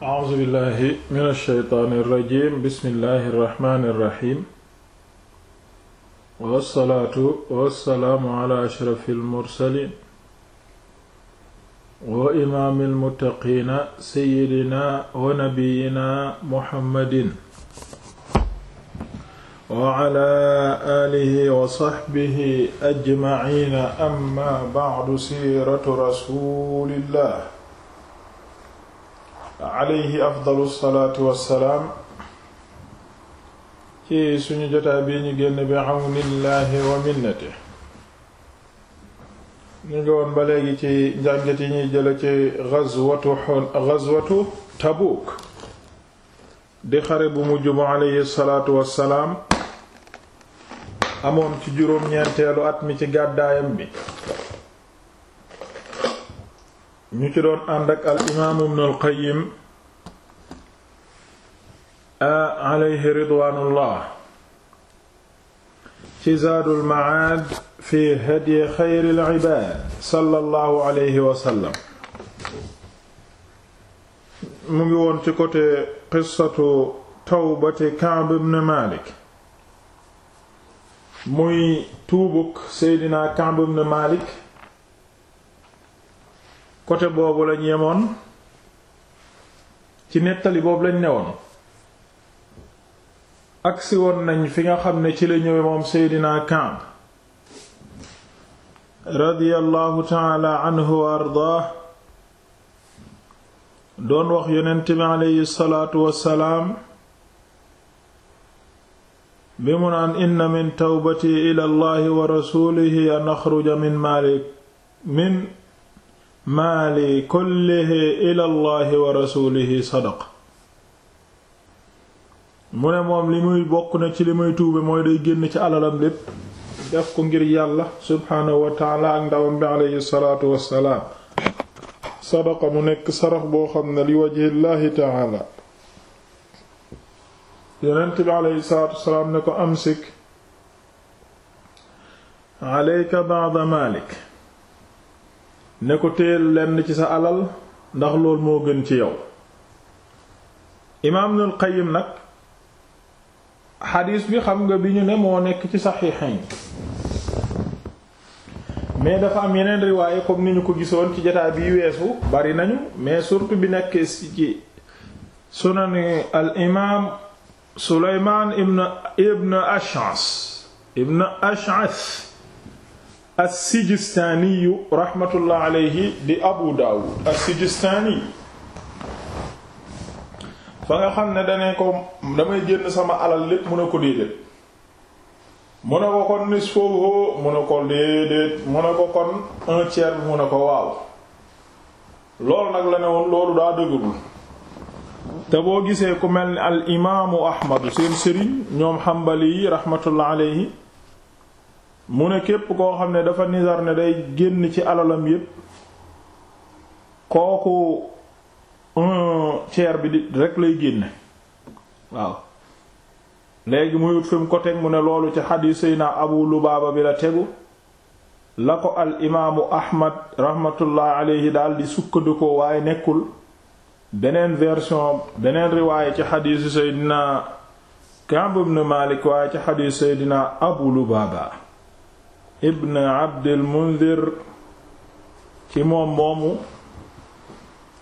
a'uuzu billahi mina shaytaani rajiim bismillahi rahmaani rahiim wassalaatu wassalaamu ala ashrafil mursaliin wa imaamil muttaqiina sayyidina wa nabiyyina muhammadin wa ala aalihi wa sahbihi ajmaciina amma ba'du siiratu rasuulillah alayhi afdalu salaatu wassalaam ci suñu jotaa bi ñu génn bi awnillahi wa minnati ñu ngi woon ba léegi ci njàngat yi ñuy jële ci gazwatu Tabuuk di xare bu mujj bu alayhi salaatu amoon ci juróom-ñeenteelu at mi ci gàddaayam bi ñu ci doon ànd al imaamu ibnul Qayyim alayhi ridwaanullah ci zaadul ma'aad fi hadyi xayril ibaad sallallahu alayhi wa sallam mu ngi woon ci côté qissatu tawbati Ka'b ibn Malik muy tuubuk Seydina Ka'b ibn Malik côté boobu lañ yemoon ci nettali boobu lañ newoon agsi woon nañ fi nga xam ne ci la ñëwee moom Seydina Kaab radiyallahu taala anhu wa ardaa doon wax yonent bi aleyhi salaatu wassalaam bi mu naan inna min tawbati ila allahi wa rasuulihi an axruja min maali min maali kullihi ila allahi wa rasuulihi sadaqa mu ne moom li muy bokk na ci li muy tuube mooy day génn ci alalam lépp def ko ngir yàlla subhaanahu wa taala ak ndawam bi aleyhi mu nekk sarax boo xam ne li wajhillaahi taala yonent bi aleyhi ne ko amsik aleyka ba'da ne ko téel lenn ci sa alal ndax lool moo gën ci yow imaam Ibnul Qayyim nag xadiis bi xam nga bi ñu ne moo nekk ci saxiixayn mais dafa am yeneen riwaaye comme ni ñu ko gisoon ci jotaay bi weesu bari nañu mais surtout bi nekk ci sunani al imaam Sulaymaan ibn ibn Ash'as ibn Ash'as as-Sijistaaniyu raxmatullahi alayhi di Abu Daawud as-Sijistaani ba nga xam ne dana ko damay génn sama alal lépp mu ne ko déedéet mu ne ko kon nis foofu mu ne ko déedéet mu ne ko kon un bi mu ne ko waaw lool nag la ne woon loolu daa dëgërul te boo gisee ku mel ni al imaamu ahmadu seen sëriñ ñoom xambali yi rahmatullah alayhi mu ne képp koo xam ne dafa nizar ne day génn ci alalam yépp kooku un bi rekk lay génne waaw léegi muy wut mu ko teg mu ne loolu ci xadiis sayna abu lubaaba bi la tegu la ko al imaamu ahmad rahmatullah alayhi daal di sukkandikoo waaye nekkul beneen version beneen riwaaye ci xadiisu seydina kamb ibn Malik waaye ci xadiisu seydina Abu Lubaaba ibn Abdil Munzir ci moom moomu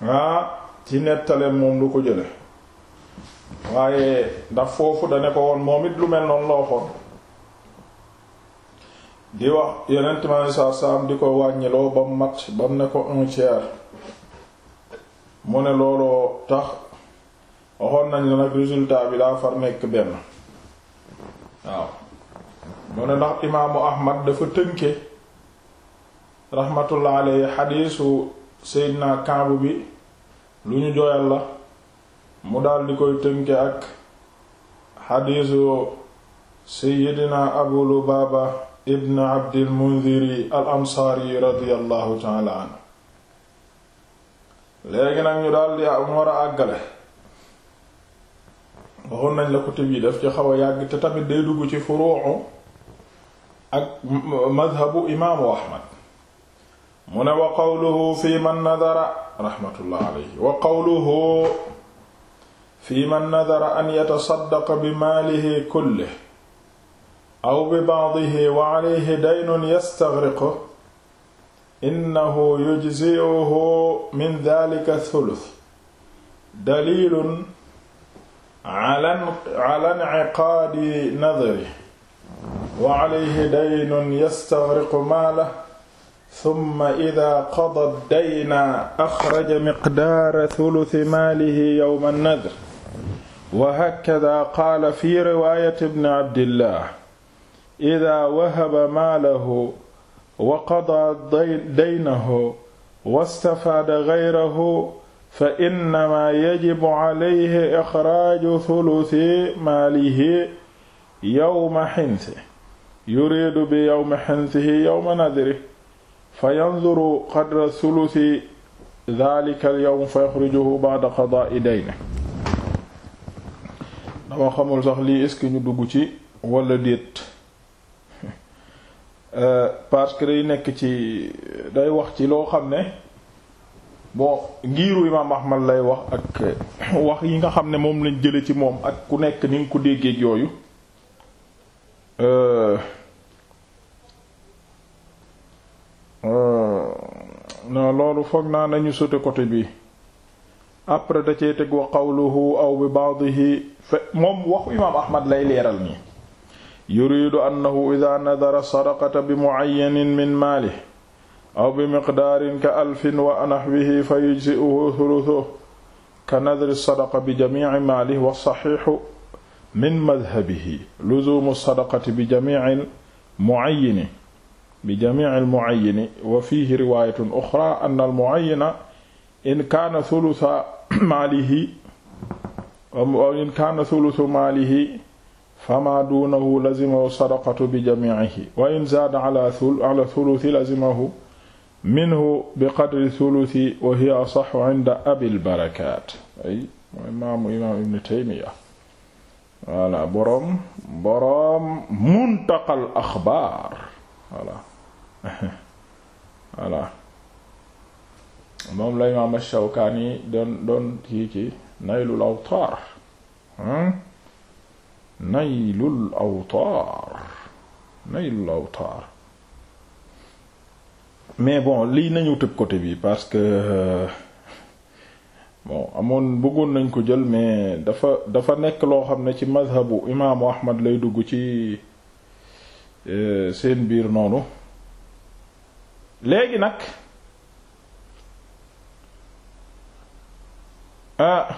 ah ci nettaleen moom lu ko jële waaye ndax foofu da ko woon moom it lu mel noonu la waxoon di wax yeneen time saa saam di ko wàññiloo ba mu mat ba mu ne ko un tiers mu ne looloo tax waxoon nañ la nag résultat bi daa far nekk benn waaw mu ne ndax imaamu ahmad dafa tënke rahmatullah alayhi xadiisu seydina Kaabu bi lu ñu jooyal la mu daldi koy tënke ak xadiisu seydina abu lubaaba ibn abdil mundiri al ansaari radiyallahu taala anhu léegi nag ñu daldi am war a àggale waxoon nañ la ko tëb yi daf ci xaw yàgg te tamit day dugg ci furuuxu ak madhabu imaamu ahmad mu ne wa qawluhu fi man nadara raxmatullah alayhi wa qawluhu fi man nadara an yatasaddaqa bi maalihi kullihi aw bi ba'dihi wa alayhi daynun yastaghriqu innahu yujzi'uhu min dhalika thuluth dalilun ala in'iqaadi nadrihi wa alayhi daynun yastaghriqu maalahu summa idaa qadaa dayna axraja miqdaara sulusi maalihi yawma nadr wa hakadaa qaala fi riwaayati ibni abdillah idaa wahaba maalahu wa qadaa daynahu wastafaada gayrahu fa innamaa yajibu alayhi ixraaju sulusi maalihi yawma xinsihi yuriidu bi yawmi xinsihi yawma nadrihi fa yanzuru qadra sulusi dhalika al yawm fa yuxrijuhu ba'da qada'i dayni dama xamul sax lii est ñu dugg ci walla déet parce que day nekk ci day wax ci loo xam ne bo ngiiru imaam Ahmad lay wax ak wax yi nga xam ne moom lañ jële ci moom ak ku nekk ni nga ko déggee yooyu euh, Euh, non loolu foog naa nañu sote côté bi après da cee teg wa qawluhu aw bi baadihi fe moom waxu imaam ahmad lay leeral nii yuriidu annahu ida nadara sadaqata bi mucayyanin min maalih aw bi miqdaarin ka alfin wa naxwihi fa yujzi'uhu thuluthuhu ka nadri sadaqa bi jamici maalih wa saxiixu min madhabihi luzuumu sadaqati bi jamicin mucayyini bi jamii almuwayini wa fiihi riwaayatun uxraa an almuwayina in kaana thulutha maalihi wa in kaana thuluthu maalihi famaa duunahu lazimahu sadaqatu bi jamiihi wa in zaada ala thuluthi lazimahu minhu bi qadri thuluthi wa hiya asaxu inda abil barakaat ay mooy maamu imaam ibn taymiya voilà boroom boroom muntaqal axbaar voilà voilà moom la imaam Ash-Shawkaani doon doon kii ci Naylul Awtaar Naylul Awtaar Naylul Awtaar mais bon lii nañu tëb côté bi parce que euh, bon amoon bëggoon nañ ko jël mais dafa dafa nekk loo xam ne ci mazhabu imaamu Ahmad lay dugg ci euh, seen biir noonu léegi nag ah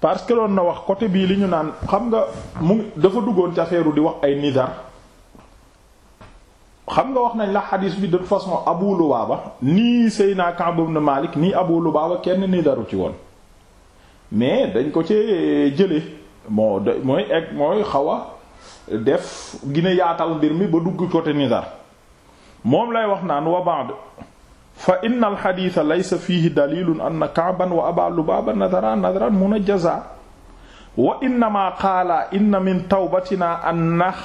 parce que loon na wax côté bii li ñu naan xam nga mu dafa duggoon ci di wax ay nizar xam nga wax nañ la xadiis bi de toute façon Abu Lubaaba nii Seyna Ka'b ibn Malik nii Abu Lubaaba kenn ni daru ci woon mais dañ ko ci jële moo da mooy egg mooy xaw a def gina yaatal mbir mi ba dugg côté nidar moom lay wax naan wa ba'd fa inna al xadiisa laysa fiihi dalilun anna Ka'ban wa Aba Lubaaba nadara nadaran munajjaza wa innama qaala inna min tawbatina an nax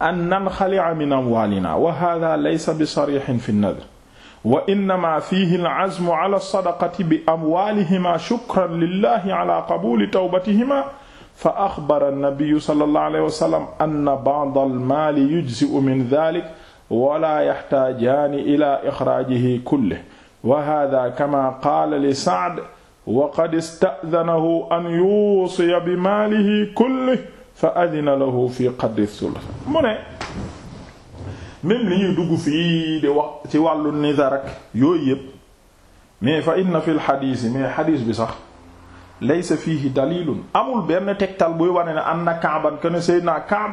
an nanxali'a min amwaalina wa haaza laysa bi sariixin fi nadr wa innama fiihi al-azmu ala sadaqati bi amwaalihima shukran lillahi ala qabuuli tawbatihima fa axbara an-nabiyyu sallallahu alayhi wa sallam anna ba'da al-maali yujzi'u min dhaalika wa laa yaxtaajaani ilaa ixraajihi kullihi wa haaza kamaa qaala li Sa'd wa qad ista'dhanahu an yuusiya bi maalihi kullihi fa adina lahu fi qadri sulh mu ne même li dugg fii di wax ci wàllu nizar ak yooyu yëpp mais fa inna fi lxadis mais xadis bi sax laysa fiihi dalilun amul benn tegtal buy wane ne anna kaaban ken seydna kaab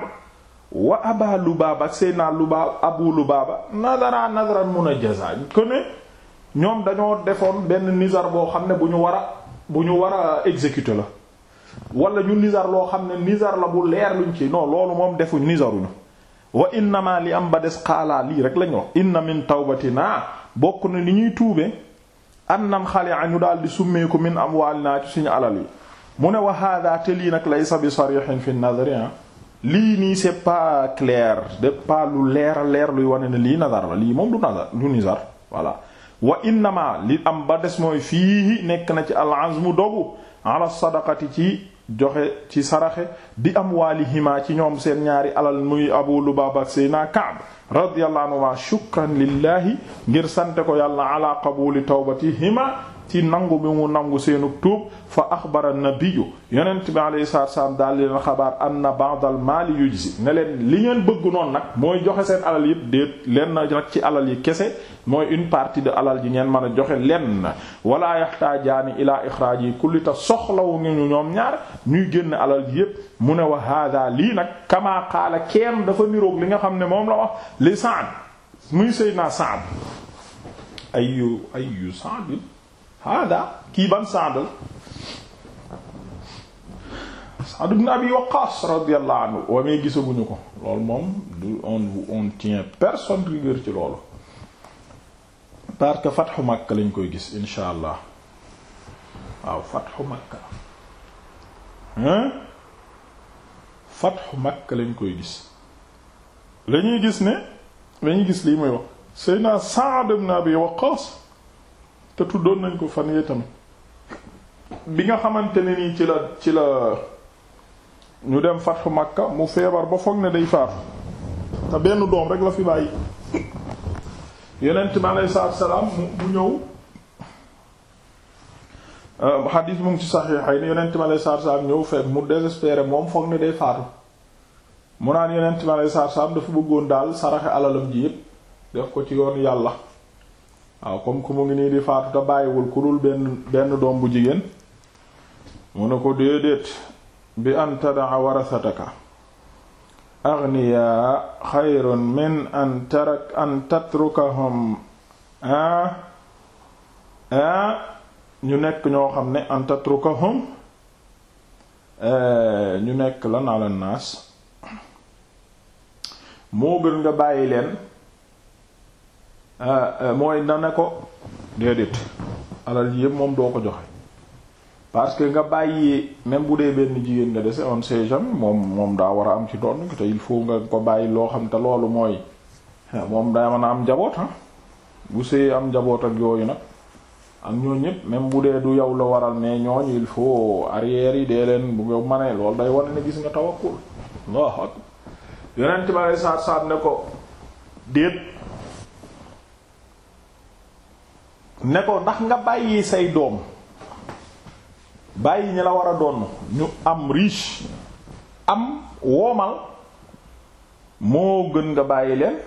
wa lu lubaaba ak seydna lubaab abu lubaaba nadara nadaran munajaza ken ñoom dañoo defoon benn nizar boo xam ne bu ñu war a bu ñu war a exécuter la wala ñu nizar loo xam ne nizar la bu leer luñ ci non loolu moom defuñ nizaruñu wa innama li am ba des xaalaa lii rek lañu wax inna min tawbatina bokk na li ñuy tuube an nam xale añu daal di summeeku min amwaalinaa ci suñu alal yi mu ne wa hada te lii nag lay bi sarihin fi nadri ah. lii nii c'est pas clair c'est lu leer leer luy wane ne lii nazar la lii moom du nazar du nizar voilà wa innama li am ba des mooy fii nekk na ci al azmu dogu ala sadaqati ci joxe ci saraxe bi amwaalihima ci ñoom seen ñaari alal muy abu lubaaba seyna kaab radiyallahu anhu shukran lillahi ngir sante ko yàlla ala qabuli tawbatihima ci nangu bi mu nangu seenu tuub fa axbara nabiyu yonent bi alayhi salaatu salaam daal leen xabaar anna ba'dal maali yujzi ne leen li ngeen bëgg noonu nag mooy joxe seen alal yëpp déet leen na nag ci alal yi kese mooy une partie de alal ji ngeen man a joxe leen na wala yaxtaajaani ilaa ixraaji kulli ta soxlawu ngi ñu ñoom ñaar ñuy génn alal ji yëpp mu ne wa hada lii nag kamaa qaala dafa niroog li nga xam ne moom la wax li Sa'd muy Seydina Sa'd ayyu ayyu hada kii ban Sa'd Sa'd ibn Abi Waqqas radiyallahu anhu mee gisaguñu ko loolu moom du on on tient personne rigueur ci loolu parce que fatxu Makka lañ koy gis insha allah waaw fatxu Makka lañ koy gis lañuy gis ne lañuy gis lii muy wax Seydina Sa'd ibn Abi Waqqas te tuddoon nañ ko fan yee bi nga xamante ne nii ci la ci la ñu dem fatxu Makka mu feebar ba foog ne day faatu te benn doom rek la fi bàyyi yonent bi aleyhi salaatu salaam mu ñëw euh, xadiis mu ngi ci saxiixayni yonent bi aleyhi salaatu salaam ñëw fekk mu désespéré moom foog ne day faatu mu naan yonent ma aleyhi salaatu salaam dafa bëggoon daal saraxe alalam jiir yépp def ko ci yoon yàlla waaw comme ku mu ngi nii di faatu te bàyyiwul ku dul benn benn doom bu jigéen mu ne ko déedéet bi an tadaa warasataka agniyaa xayrun min an tarak an tatrukahum ah, ah ñu nekk ñoo xam ne an tatrukahum eh, ñu nekk lan ala naas moo gën nga bàyyi leen Euh, euh, mooy na ne ko déedéet alal ji yëpp moom doo ko joxe parce que nga bàyyi même bu dee benn jigéen nga dese on sait moom moom daa war a am ci doon te il faut nga ko bàyyi loo xam te loolu mooy ah, moom daa mën a am njaboot ah bu see am njaboot ak yooyu nag ak ñoo ñëpp même bu dee du yow la waral ne ñooñu il faut arrière yi dee leen bu nga manee loolu day wane ne gis nga tawakkul waaw yonent bi alei saatu ne ko déet ne ko ndax nga bàyyi say doom bàyyi ñi la war a doon ñu am riche am woomal moo gën nga bàyyi leen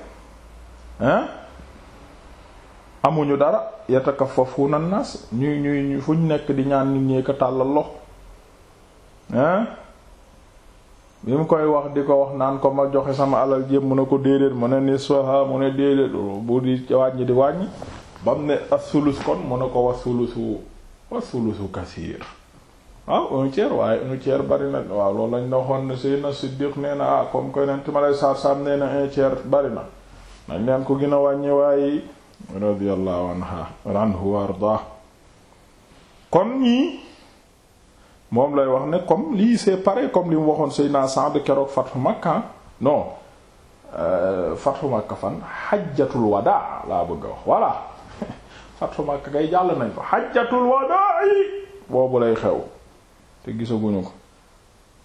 amuñu dara yatakafafuna nas ñuy ñuy fu ñu nekk di ñaan nit ñee ko tàllal lox hein bi mu koy wax di ko wax naan ko ma joxe sama alal jéem mu ne ko déedéet mu ne nisfaha mu ne déedéet bu di wàññi di wàññi ba mu ne asulus kon mu ne ko wasulusu wasulusu kasiir waaw ah, un tiers waaye un tiers bari na waaw loolu lañ la waxoon ne Seydina Siddiq na ah comme koy neen timalay saar-saam nee na un tiers bari na nañ leen ko gën a wàññi waaye radiyallahu anha anhu wa ardaa kon ñii moom lay wax ne comme li c'est pareil comme li mu waxoon Seydina Sa'd keroog Fathu Makka non euh, Fathu Makka fan xajjatul wadaa laa bëgg wax voilà fatu Makka kay jàll nañ ko xajjatul wadaa'i boobu lay xew te gisaguñu ko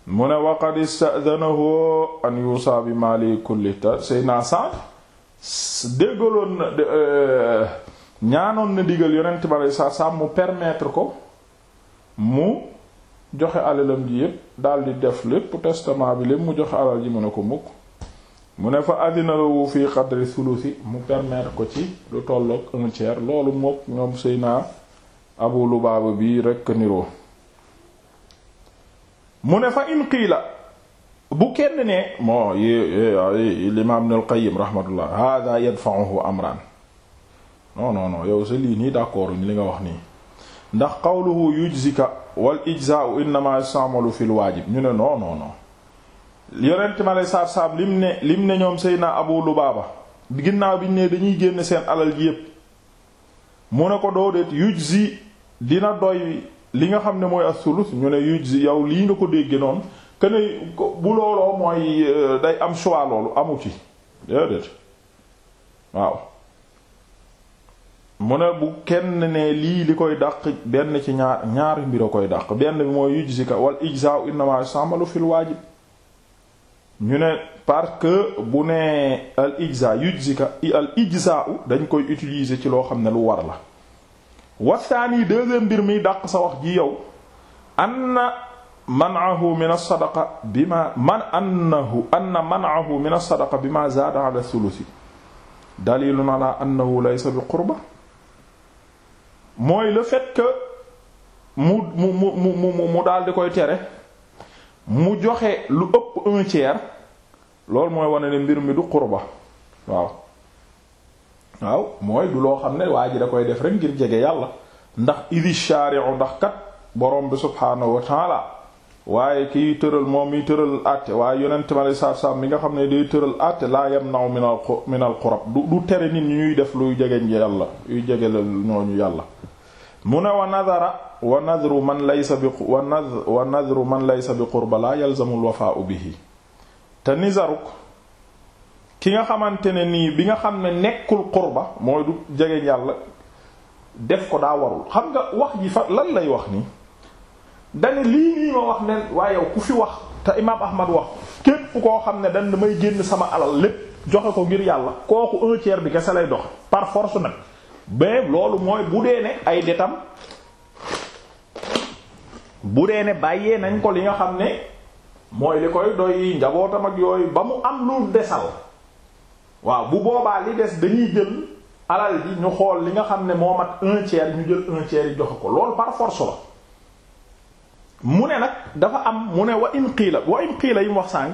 mu ne waqad ista'dhanahu an yusa bi mali kulli ta sayna Sa'd déggaloon na euh, ñaanoon na digal yonent bi alei sat mu permettre ko mu joxe alalam ji yépp daldi def lépp testament bi lépp mu joxe alal ji mu ne ko mukk mu ne fa àddina lawu fi qadri sulusi mu permettre ko ci lu tolloog un tiers loolu mook ñoom sëy naa abu lubaaba bi rekk niroo mu ne fa in qiila bu kenn ne moo yi limaam Ibnul Qayyim rahmatullah hada yadfa'uhu amran non non non yow sa lii nii d'accord ñu li nga wax nii ndax qawluhu yujzika wal ijza'u innama yasta'malu fil waajib ñu ne non non non yonent ma lay saab-saab lim ne lim ne ñoom sey Seydina Abu Lubaaba ginnaaw bi ne dañuy génn seen alal ji yépp mu ne ko doodeet yujzi dina doy li nga xam ne mooy as-sulus ñu ne yujzi yow lii nga ko dégge noonu kene bu looloo mooy euh, day am choix loolu amu ci déedéet waaw mu ne bu kenn ne lii li koy dàq benn ci ñaar ñaari mbir a koy dàq benn bi mooy yujzika wal ijza'u innama yastamalu fil waajib ñu ne parce que bu ne al ijza yujzika al ijza dañ koy utiliser ci loo xam ne lu war la wasaani deuxième mbir mi dàq sa wax ji yow anna man'ahu min as-sadaqa bima man annahu anna man'ahu min as-sadaqa bima zaada ala thuluthi dalilun ala annahu laysa bi qurba mooy le fait que mu mu mu mu mu daal di koy tere mu joxe lu ëpp un tiers loolu mooy wane ne mbir mi du qurba waaw waaw mooy du loo xam ne waa ji da koy def rek ngir jege yàlla ndax idi shari'u ndax kat borom bi subhaanahu wa taala waaye kiy tëral moom miy tëral àtte waaye yonent ma lay saab-saab mi nga xam ne day tëral àtte laa yam naw minal minal qurab du tere nit ñi ñuy def luy jege yàlla yuy jege la ñooñu yàlla mu ne wa nadara wa nadru man lay bi wa nadru man laysa bi qurba la yalzamul wafaa'u bihi te nizaruk ki nga xamante ne nii bi nga xam ne nekkul qurba mooy du jege yàlla def ko daa warul xam nga wax ji fa lan lay wax nii dane lii nii ma wax ne waaye yow ku fi wax te imaam ahmad wax ku koo xam ne dan may génn sama alal lépp joxe ko ngir yàlla kooku un tiers bi kese lay dox par force nag mais loolu mooy bu dee ne ay detam bu dee ne bàyyee nañ ko li nga xam ne mooy li koy doy njabootam ak yooyu ba mu am lu desal waaw bu boobaa li des dañuy jël alal ji ñu xool li nga xam ne moo mat un tiers ñu jël un tiers yi jox ko loolu par force la mu ne nag dafa am mu ne wa in qiila wa in qiila yi mu wax sànq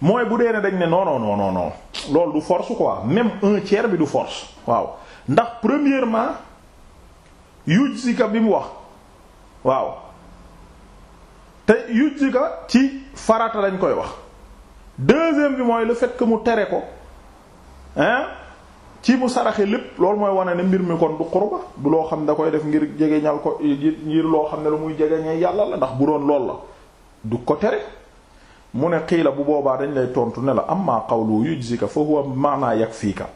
mooy bu dee ne dañ ne non non non non non loolu du force quoi même un tiers bi du force waaw. ndax premièrement yujzika bi mu wax waaw te yujzika ci farata lañ koy wax deuxième bi mooy le fait que mu tere ko hein ci mu saraxe lépp loolu mooy wane ne mbir mi kon du xurba du loo xam da koy def ngir jegeñal ko ngir loo xam ne lu muy jegeñee yàlla la ndax bu doon lool la du ko tere mu ne xiila bu boobaa dañ lay tontu ne la am xaw amma qawlu yujzika fa huwa maana yakfika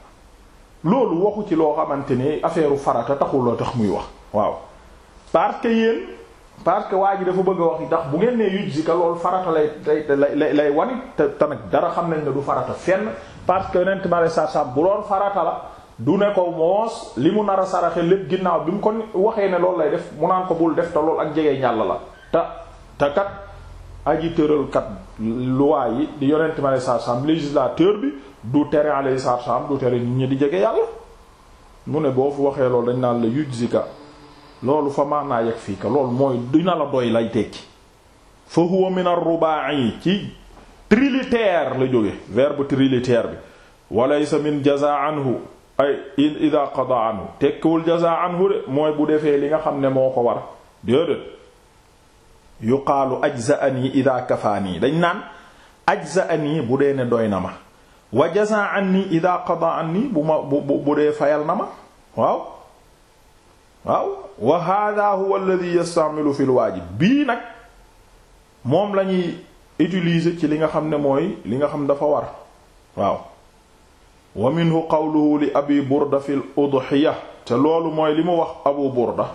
loolu waxu ci loo xamante ne affaire farata taxuloo tax muy wax waaw parce que yéen parce que waa ji dafa bëgg a wax ndax bu ngeen nee yuj si que loolu farata lay lay lay lay wane te te nag dara xam nañ ne du farata fenn parce que yonent ma sa sa bu loolu farata la du ne ko moos li mu nar a saraxe lépp ginnaaw bi mu ko waxee ne lool lay def mu naan ko bul def te loolu ak jege ñàll la te te kat aji tëralkat loi yi di yonent ma sa sa législateur bi. du tere alayhi salaatu salaam di jege mu ne boo fu waxee loolu dañ naan la yujzika loolu fa maanaa yeg fii ka loolu mooy dina la doy lay tekki fa huwa min ar-ruba'i ci trilitère la jóge bu trilitère bi walaysa min jaza anhu ay ida qada anhu tekkiwul jaza anhu de mooy bu defee li nga xam ne moo ko war déedéet yuqaalu ajza'ani ida kafaani dañ naan ajza'ani bu dee ne doy na ma wa jazaa anni ida qada anni bu ma bu bu dee fayal na ma waaw waaw wa hadha huwa alladhi yastamilu fil waajib bii nag moom la ñuy utiliser ci li nga xam ne mooy li nga xam dafa war waaw wa minhu qawluhu li abi burda fi l udhiya te loolu mooy li mu wax abu burda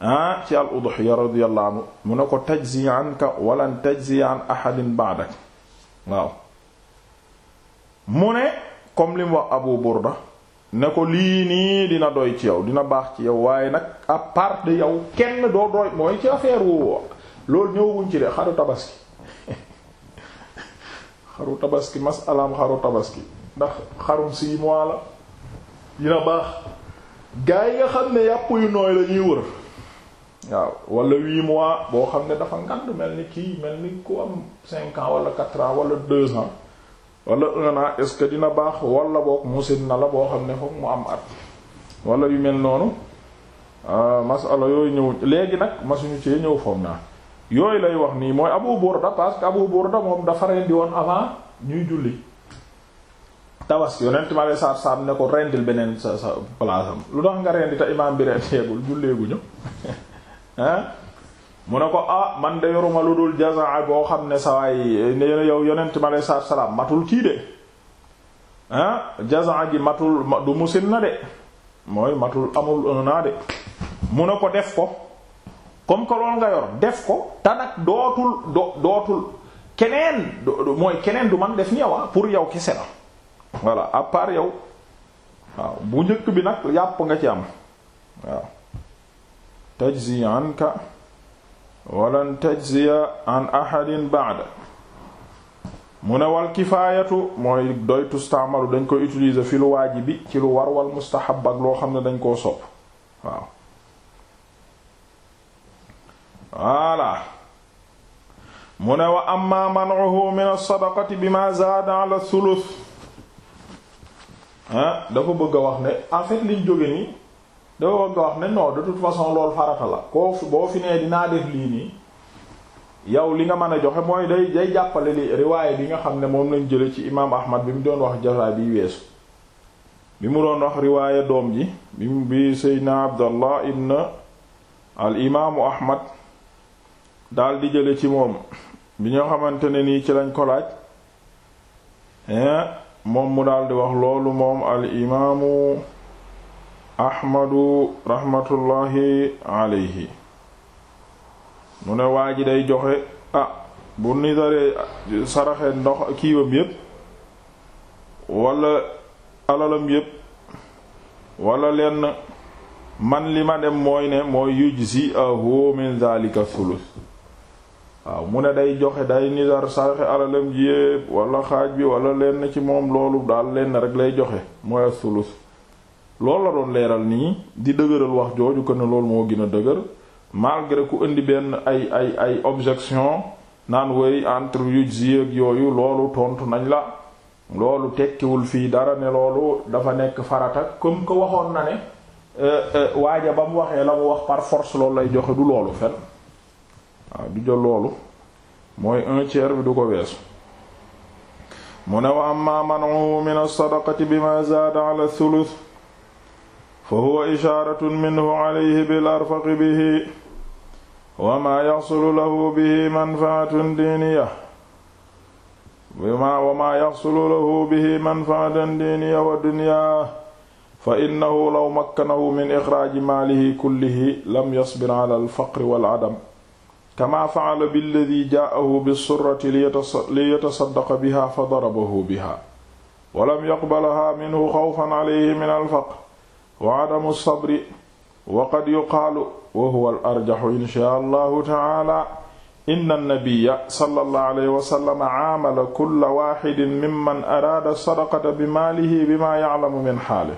ah ci al udhiya radiyallahu anhu mu ne ko tajzi anka walan tajzi an ahadin ba'dak waaw mu ne comme li mu wax Abu Burda ne ko lii nii dina doy ci yow dina baax ci yow waaye nag à part yow kenn doo doy mooy ci affaire wu loolu ñëwaguñ ci de xaru tabaski xaru tabaski masalaam xaru tabaski ndax xarum six mois la dina baax gaa yi nga xam ne yàpp yu nooy la ñuy wër waaw wala huit mois boo xam ne dafa ngand mel ni kii mel ni ku am cinq ans wala quatre ans wala deux ans wala un an est dina baax wala mu musin na la boo xam ne fokk mu am at wala yu mel noonu ah, masala yooyu ñëw léegi nag masuñu ci ñëw foom naa yooyu lay wax nii mooy Abu Burda parce que Abu Burda moom dafa rendi woon avant ñuy julli tawas yonent ma lay saab saab ne ko rendil beneen sa sa place lu tax nga rendi te imaam bi rendeegul julleeguñu ah mu ne ko ah man de yoruma lu dul jasan boo xam ne sawaay ne yow yonent mi aleyhi salaatu salaam matul kii de ah jazaa gi matul du musin na de mooy matul amul un an de mu ne ko def ko comme que loolu nga yor def ko ta nag dootul do dootul keneen mooy keneen du man def ni yow ah, pour yow kese la voilà à part waaw bu njëkk bi nag yàpp nga ci am waaw tajziyanka walan tajziya an ahadin ba'dak mu ne wal kifaayatu mooy doy tustaamalu dañ koy utiliser fi lu waajibi ci lu war wal mustahab ak loo xam ne dañ koo sopp waaw voilà mu ne wa amma man'uhu min as-sadaqati bima zaada ala thuluth dafa bëgg a wax ne en liñ jóge nii dafa bëgg nga wax ne non de toute façon loolu farata la koo boo fi nee dinaa def lii nii yow li nga mën a joxe mooy day day jàppale li riwaaye bi nga xam ne moom lañu jële ci imaam Ahmad bi mu doon wax jasaay bi weesu bi mu doon wax riwaaye doom ji bi mu bi Seydina Abdallah ibn al imaamu Ahmad daal di jële ci moom bi nga xamante ne nii ci lañ kolaaj laaj moom mu daal di wax loolu moom al imaamu ahmadu rahmatullahi alayhi mu ne waa ji day joxe ah bu ni daree saraxe ndox kiiwam yépp wala alalam yépp wala lenn man li ma dem mooy ne mooy yujzi ahu min zalika thuluth waaw mu ne day joxe day nidar saraxe alalam ji yépp wala xaaj bi wala lenn ci moom loolu daal lenn rek lay joxe mooy thuluth loolu la doon leeral nii di dëgëral wax jooju ko ne loolu moo gën a dëgër malgré ku indi benn ay ay ay objection naan woy entre yujzi ak yooyu loolu tontu nañ la loolu tekkiwul fii dara ne loolu dafa nekk farata comme que waxoon na ne euh, euh, waaja ba mu waxee la mu wax par force loolu lay joxe du loolu fen waaw du jël loolu mooy un tiers bi du ko weesu mu ne wa amma manu min as-sadaqati bima zaada ala thuluth fa huwa ishaaratun minhu alayhi bil arfaqi bihi wa maa yaxsulu lahu bihi manfaatun diiniya wa maa yaxsulu lahu bihi manfaatun diiniya wa dunyaa fa innahu law makkanahu min ixraaji maalihi kullihi lam yasbir ala alfaqri wal adam kamaa fa'ala billadi jaa'ahu bisurrati liyatasaddaqa biha fa darabahu biha wa lam yaqbalaha minhu xawfan alayhi min alfaqr wa adamu sabri wa qad yuqaalu wa huwa al arjaxu inshaa allahu taala inna nabiyya sallallahu alayhi wa sallam caamala kulla waaxidin mimman araada sadaqata bi maalihi bimaa yaclamu min xaalihi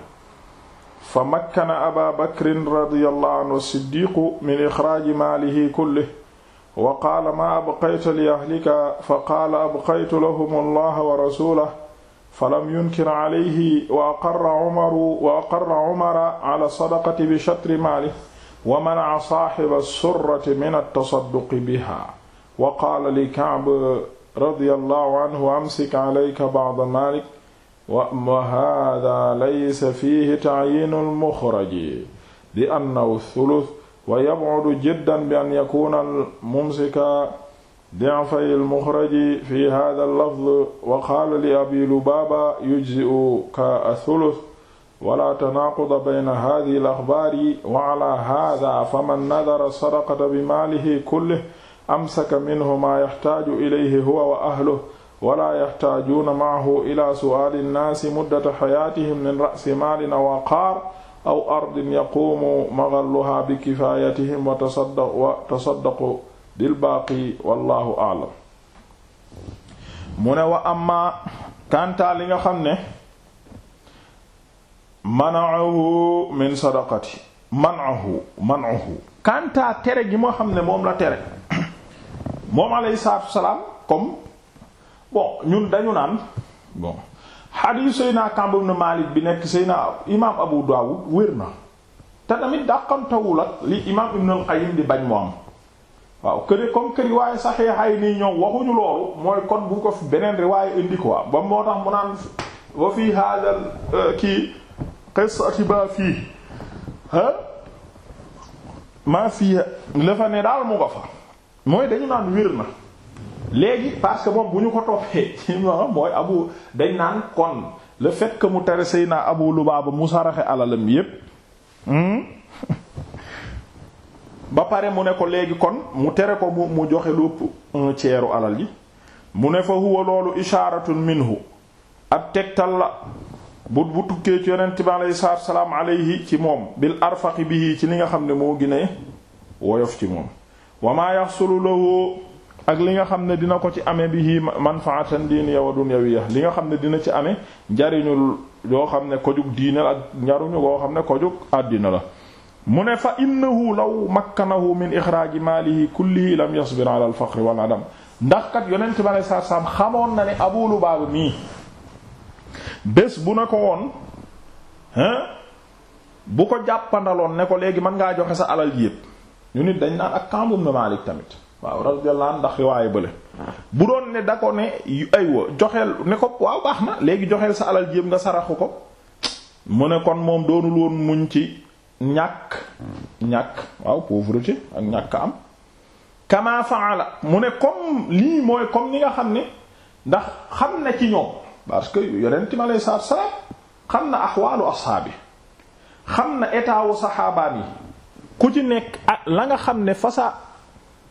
fa makkana abaa bakrin radiyallahu anhu siddiiqu min ixraaji maalihi kullihi wa qaala maa abqayta li ahlika fa qaala abqaytu lahum allaha wa rasulahu falam yunkir alayhi wa aqarra umaru wa aqarra umara ala sadaqati bi shatri maalihi wa mana'a saahiba surrati min at-tasadduqi biha wa qaala li Ka'b radiyallahu anhu amsik alayka ba'da maalik wa haadha laysa fiihi ta'yiinu al-mukhraji bi annahu ath-thuluth wa yab'udu jiddan bi an yakuuna al-mumsika di'fay al-muxraji fi haaza al-lafz wa qaala li abi lubaaba yujzi'uka ath-thuluth wa laa tanaaquda bayna haadihi al-axbaari wa 'alaa haaza faman nadara sadaqata bimaalihi kullihi amsaka minhu maa yaxtaaju ilayhi huwa wa ahluhu wa laa yaxtaajuuna ma'ahu ilaa su'aali an-naasi muddata hayaatihim min ra'si maalin aw aqaar aw ardin yaquumu maghalluhaa bi kifaayatihim wa tasaddaqu dil baaqi wallahu a'lam mu ne wa amma kantaa li nga xam ne manaahu min sadaqati manaahu manaahu kantaa tere gi moo xam ne moom la tere moom alayhi salaatu comme bon ñun dañu naan bon xadiis Seydina Ka'b ibn Maalik bi nekk Seydina imaam Abu Daawud wér na te tamit dàqantawul ak li imaam Ibn al di bañ mu am waaw kër comme këri waaye saxeexay nii ñoom waxuñu loolu mooy kon bu ko beneen riwaaye waaye quoi ba moo tax mu naan wa fii haadal euh, kii qissati fii maa fii la fa ne daal mu nga fa mooy dañu naan wér na léegi parce que moom bu ñu ko toppee mooy abu dañ naan kon le fait que mu tere sëy naa abu lubaaba mu saraxe alalam yépp hmm? ba pare mu ne ko léegi kon mu tere ko mu mu joxe lu ëpp un alal ji mu ne fa huwa loolu ishaaratun minhu ab tegtal la bu bu tukkee ci yonent bi aleyhi salaatu salaam aleyhi ci moom bil arfaqi bihi ci li nga xam ne moo gine woyof ci moom wa maa yaxsulu lahu ak li nga xam ne dina ko ci amee bihi manfaatan diiniya wa dunyawiyya li nga xam ne dina ci amee njariñul yoo xam ne kojug diine la ak njariñu goo xam ne kojug àddina la mu ne fa innahu law makkanahu min ixraaji maalihi kullihi lam yasbir ala alfaqri wal adam ndax kat yonent bi alei satu salaam xamoon na ne Abu Lubaaba mii bés bu na ko woon hein bu ko jàppandaloon ne ko léegi mën ngaa joxe sa alal ji ñu nit dañ naan ak kambum na Maalik tamit waaw radiyallahu ndax riwaaye bële bu doon ne da ko ne aywa joxeel ne ko waaw baax na léegi joxeel sa alal ji yépp nga saraxu ko mu ne kon moom doonul woon muñ ci ñàkk ñàkk waaw pauvreté ak ñàkk am kama la mu ne comme lii mooy comme ni nga xam ne ndax xam na ci ñoom parce que yonent mi aleyhi salaatu salaam xam na axwaalu asxaabi xam na état wu saxaabaan yi ku ci nekk ak la nga xam ne fa sa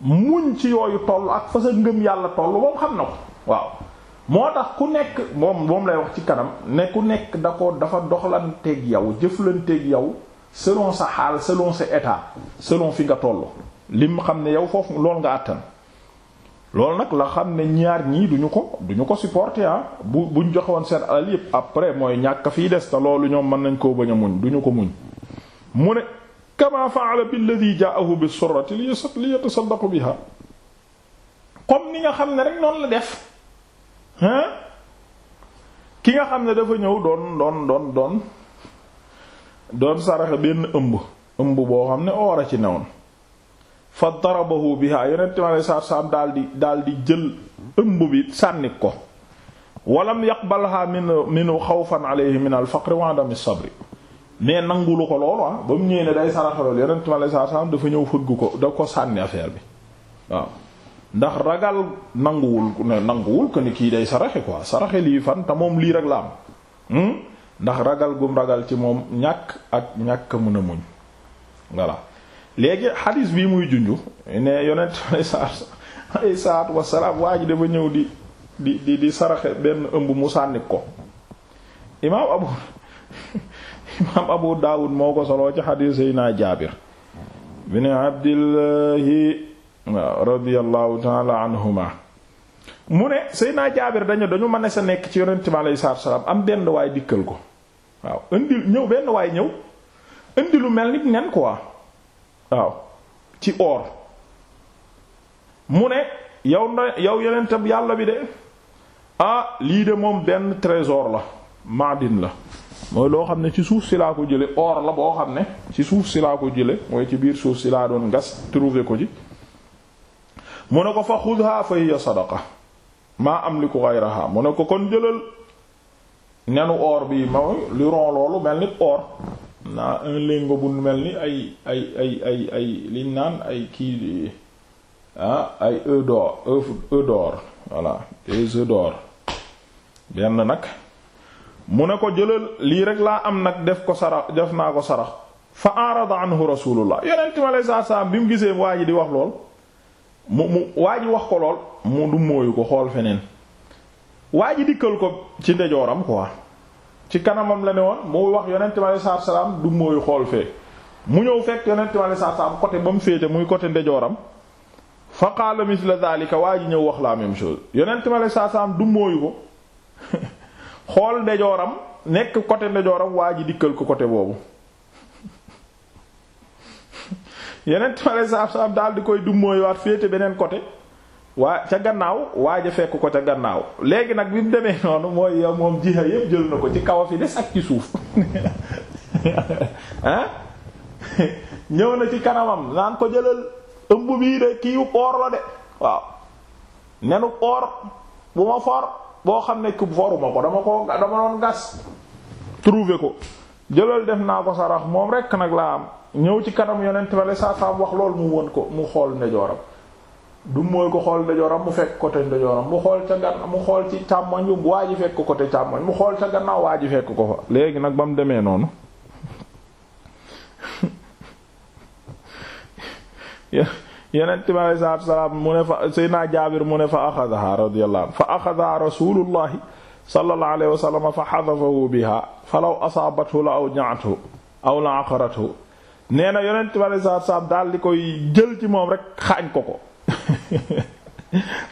muñ ci yooyu toll ak fa sa ngëm yàlla toll moom xam na ko waaw moo tax ku nekk moom moom lay wax ci kanam ne ku nekk da ko dafa doxlanteeg yow jëflanteeg yow selon sa xaal selon sa état selon fi nga toll lim xam ne yow foofu loolu nga àttan loolu nag la xam ne ñaar ñii duñu ko duñu ko supporter ah bu buñ joxewoon seen alal yépp après mooy ñàkk fii des te loolu ñoom mën nañ koo bañ a muñ duñu ko muñ mu ne kama fa'ala billadhi ja'ahu bisurrati li yatasaddaqu biha comme ni nga xam ne rek noonu la def hein ki nga xam ne dafa ñëw doon doon doon doon doon saraxe benn ëmb ëmb boo xam ne oor a ci newoon fa darabahu biha yonent mi aleyhi salaatu salaam daldi daldi jël ëmb bi sànni ko walam yaqbalha min minu xawfan alayhi min al faqri wa adami sabri mais nangulu ko loolu ah ba mu ñëwee day saraxe loolu yonent mi aleyhi salaatu dafa ñëw fëgg ko da ko sànni affaire bi waaw ndax ragal nanguwul nanguwul ko ni kii day saraxe quoi saraxe lii fan te moom lii rek la am hmm? ndax ragal gum ragal ci moom ñàkk ak ñàkk mën a muñ voilà léegi xadis bii muy junju ne yonent aley salaatu wasalaam waa ji dafa ñëw di di di di saraxe benn ëmb mu sànni ko imaam abu imaam abu daawud moo ko soloo ci xadiis yi naa jaabir bin abdillahi radiyallahu taala anhuma mu ne Seydina Jaabir dañu dañu mën a sa nekk ci yonent bi alayhi salaatu wa salaam am benn waay dikkal ko waaw indi ñëw benn waay ñëw indi lu mel ni nen quoi waaw ci or mu ne yow na yow yeneentab yàlla bi de ah lii de moom benn trésor la maadin la mooy loo xam ne ci suuf si laa ko jële or la boo xam ne ci suuf si laa ko jële mooy ci biir suuf si laa doon ngas trouver ko ci mu ne ko fa xudha fa hiya sadaqa maa am li ko ghayraha mu ne ko kon jëlal nenu or bi mooy lu loolu mel ni or naa un lingot bu mel ni ay ay ay ay ay liñ naan ay kii ah ay œuf d'or œuf œuf d'or voilà des œufs d'or benn nag mu ne ko jëlal lii rek laa am nag def ko sarax def naa ko sarax fa arada anhu rasulullah yonent mi aleyhi salaatu salaam bi mu gisee waa yi di wax lool mu mu waa ji wax ko lool mu du mooyu ko xool feneen waa ji dikkal ko ci ndejooram quoi ci kanamam la ne woon mu wax yonent bi aleyhi salaatu salaam du xool fee mu ñëw fekk yonent bi aleyhi salaatu côté ba mu féete muy côté ndejooram fa qaala misla daalika waa ji ñëw wax la même chose yonent bi aleyhi salaatu salaam du mooyu ko xool ndejooram nekk côté ndejooram waa ji dikkal ko côté boobu yonent bi aleyhi salaatu daal di koy du mooyuwaat féete beneen côté. waa ca gannaaw waaja fekk ko ca gannaaw léegi nag bi mu demee noonu mooy yow moom jiha yëpp jël na ko ci kaw a fi des ci suuf ah ñëw na ci kanamam naan ko jëlal ëmb bii de kii oor la de waaw nenu oor bu ma for boo xam ne foruma ko dama ko dama doon gas trouver ko jëlal def naa ko sarax moom rekk nag laa am ñëw ci kanam yonent bale saa saa mu wax loolu mu won ko mu xool ndejooram du mooy ko xool ndeyjooram mu fekk côté ndeyjooram mu xool ca gan mu xool ci càmmoñ waa ji fekk ko côté càmmoñ mu xool ca gannaaw waa ji fekk ko fa léegi nag ba mu demee noonu yeneen time alay salaam mu ne fa Seydina Jaabir mu ne fa axadaha radiyallahu anhu fa axadaha rasuulullahi sallallahu alayhi wa sallam fa xadafahu falaw asaabathu la awja'athu aw la aqarathu nee na yeneen time alay salaam daal di koy jël ci moom rek xaañ ko ko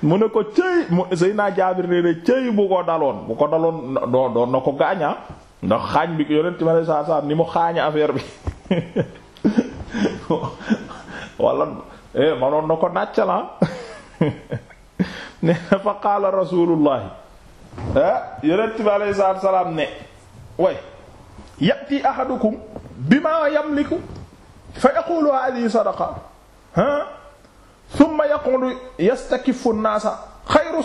mu ne ko cëy mu Seydina Jaabir nee ne cëy bu ko daloon bu ko daloon doo doon na ko gaañaa ndax xaañ bi yonent ma ne saa saa ni mu xaaña affaire bi wala eh, manoon na ko nàccalan ah. nee na fa qaala rasuulullahi eh, yonent bi alayhi ne way yati ahadukum bima yamliku fa yaqulu hadhihi sadaqa ha thumma yaqudu yastakifu an-naasa xayru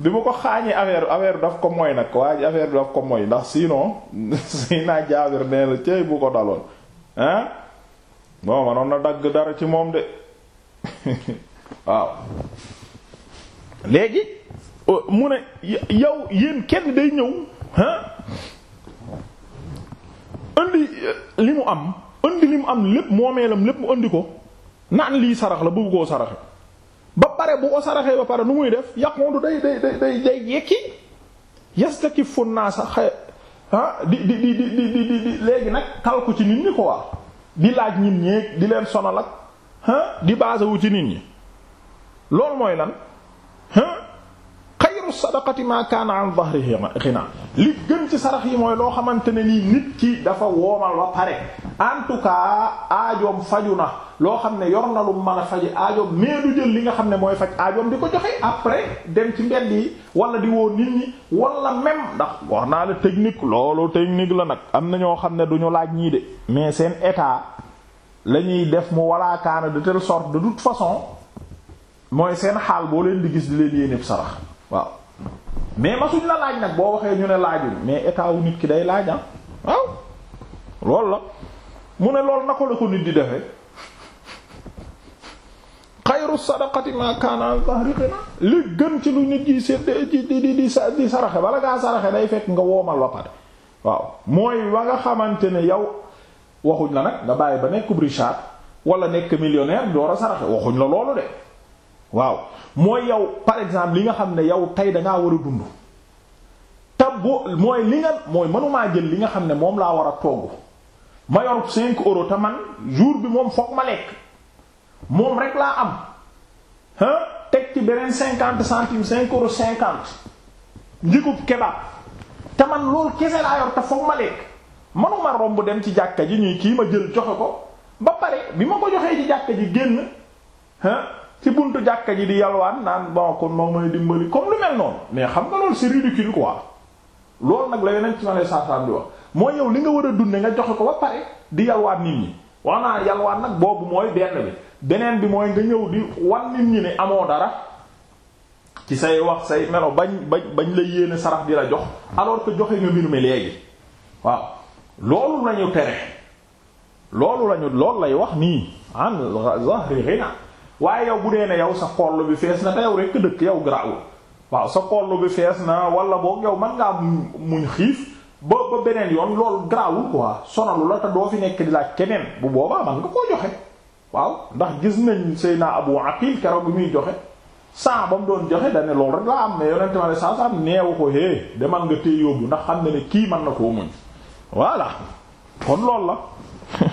bi mu ko xaañee affaire affaire daf ko moy nag waaye affaire bi daf ko mooy ndax sinon Seydina Jaabir nee na cëy bu ko daloon hein bon manoon na dagg dara ci moom de waaw léegi mu ne yow yéen kenn day ñëw ah indi euh, li mu am indi li mu am lépp moomeelam lépp mu indi ko naan lii sarax la bëgg koo saraxe ba pare bu ko saraxee ba pare nu muy def yàqoondu day day day day day yekki yastakifu naasa xay ah di di di di di di di léegi nag kal ko ci nit ñi ko waa di laaj nit ñeeg di leen sonal ak ah di basé wu ci nit ñi loolu mooy lan ah xayru sadaqati ma kaana an dhahri ghina li gën ci sarax yi mooy loo xamante ne nii nit ki dafa woomal ba pare en tout faju na loo xam ne yor na lu mën a faji aajoom mais du jël li nga xam ne mooy faj aajoom di ko joxe après dem ci mbedd yi wala di woo nit ñi wala même ndax wax naa la technique loolu technique la nag am na ñoo xam ne du ñu laaj ñii de mais seen état la def mu walaakaana de telle sorte de toute façon mooy seen xaal boo leen di gis di leen yéenéb waaw mais masuñ la laaj nag boo waxee ñu ne laajul mais état wu nit ki day laaj ah waaw loolu la mu ne loolu naka la ko nit di defee xayru sadaqati ma kaana an zahri ghina li gën ci lu nit gi seet di saraxe bala ngaa saraxe day fekk nga woomal ba waaw mooy wa nga xamante ne yow waxuñ la nag nga bàyyi ba nekk Richard wala nekk millionnaire door a saraxe waxuñ la loolu de waaw mooy yow par exemple li nga xam ne yow tey dangaa war a dund te bu mooy li nga mooy mënumaa jël li nga xam ne moom laa war a togg ma yor cinq euros te man jour bi moom fokk ma lekk moom rek laa am hein teg ci beneen cinquante centimes cinq euros cinquante njëgub kebab te man loolu kese laa yor te fokk ma lekk manuma romb dem ci jàkka ji ñuy kii ma jël joxe ko ba pare bi ma ko joxee ci jàkka ji génn hein ci buntu jàkka ji di yalwaan naan bon kon moom may dimbali comme lu mel noonu mais xam nga loolu c'est ridicule quoi loolu nag la yeneen ma lay saasaan di wax mooy yow li nga war a dunde nga joxe ko ba pare di yalwaan nit ñi wax naa nag boobu mooy benn bi beneen bi mooy nga ñëw di wan nit ñi ne amoo dara ci say wax say melo bañ bañ bañ la yéene sarax di la jox alors joxe nga mbir mi léegi waaw loolu lañu tere loolu lañu loolu lay wax nii an zahri ghina waaye yow bu dee ne yow sa xollu bi fees na te yow rekk dëkk yow garaawul waaw sa xollu bi fees na wala boog yow mën ngaa muñ xiif ba ba beneen yoon loolu garaawul quoi sonalu la te doo fi nekk di laaj keneen bu boobaa man nga koo joxe waaw ndax gis nañ Seydina Abu Aqil keroog bi muy joxe saa ba mu doon joxe dane loolu rek laa am ne yonente ma le saasam neewu ko hé demal nga téye yóbbu ndax xam ne ne kii man na koo muñ voilà kon loolu la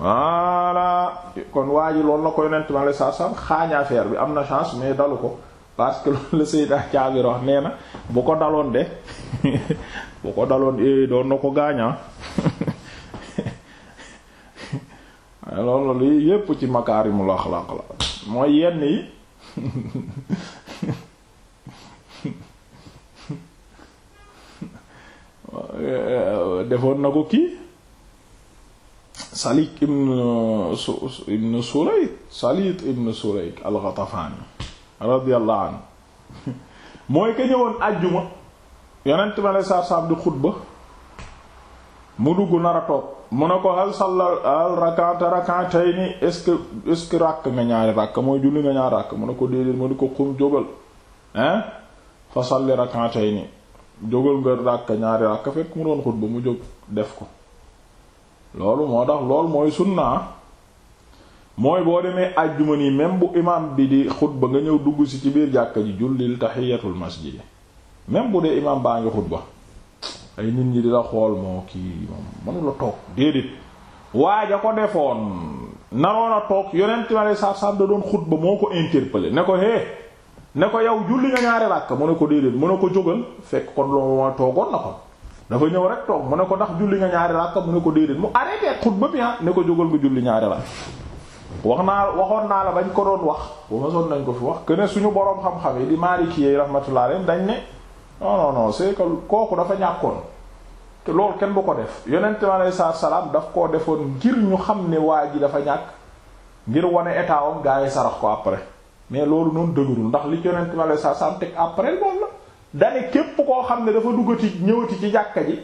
voilà kon waa ji loolu la ko yonent ma saa sam xaañ affaire bi am na chance mais dalu ko parce que loolu la Seydina Jaabir wax nee na bu ko daloon de bu ko daloon eh, doon na ko gaañaa loolu li yépp ci makaarimul axlaaq la mooy yenn yi defoon na ko kii Salik ibn uh, ibn Surayk Salik ibn Surayk al-Ghatafani mooy ka ñëwoon àjjuma yonent ma lay saar saam di xutba mu dugg nar a toog mu ne ko hal salla al rak'ata rak'atayni est-ce que est-ce que ràkk nga ñaari ràkk mooy julli nga ñaari ràkk mu ne ko déedéet mu ne ko xum jógal hein fa salli rak'atayni jógal nga ràkk ñaari ràkk fekk mu doon xutba mu jóg def ko loolu moo tax loolu mooy sunna mooy boo demee àjjuma nii même bu imaam bi di xutba nga ñëw dugg si ci biir jàkka ji jullil tahiyatul masjid même bu dee imaam baa ngi xutba ay nit ñi di la xool moo kii moom toog déedéet waaja ko defoon naroon a toog yonent ma lay saab da doon xutba moo ko interpellé ne ko hé ne ko yow julli nga ñaari ràkk mu ne ko déedéet mën ne ko jógal fekk kon loolu ma toogoon na ko dafa ñëw rek toog mu ne ko ndax julli nga ñaari rakka mu ne ko déedéet mu arrêté xutba bi ah ne ko jógal nga julli ñaari rakka wax naa waxoon naa la bañ ko doon wax bu ma son nañ ko fi wax que ne suñu boroom xam-xam yi di Maliki yi rahmatullah alayhi dañ ne non non non kooku dafa ñàkkoon te loolu kenn bu ko def yonente mi aleyi salaatu salaam daf koo defoon ngir ñu xam ne waa ji dafa ñàkk ngir wane état gaa yi sarax ko après mais loolu noonu dëgërul ndax li yonente mi aleyi salaatu salaam teg dane képp koo xam ne dafa duggati ñëwati ci jàkka ji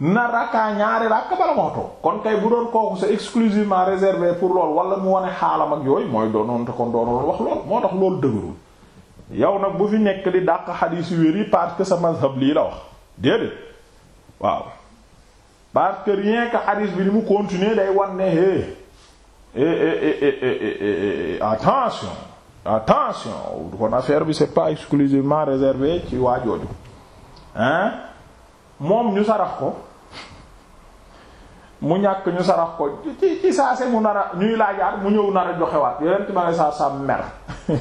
na rakkaa ñaari ràkk bala moo toog kon kay bu doon kooku c'est exclusivement réservé pour lool wala mu wane xaalam ak yooyu mooy doonoon te kon doonoon wax lool moo tax loolu dëgërul yow nag bu fi nekk di dàq xadiis yu wér yi parce que sa mazhab lii la wax déedéet waaw parce que rien que xadiis bi ni mu continuer day wan ne é attention attention kon affaire bi c'est pas exclusivement réservé ci waa jooju hein moom ñu sarax ko mu ñàkk ñu sarax ko ci ci saase mu nar a ñuy laajaat mu ñëw nar joxewaat yeneen ci ma ne saa saa mer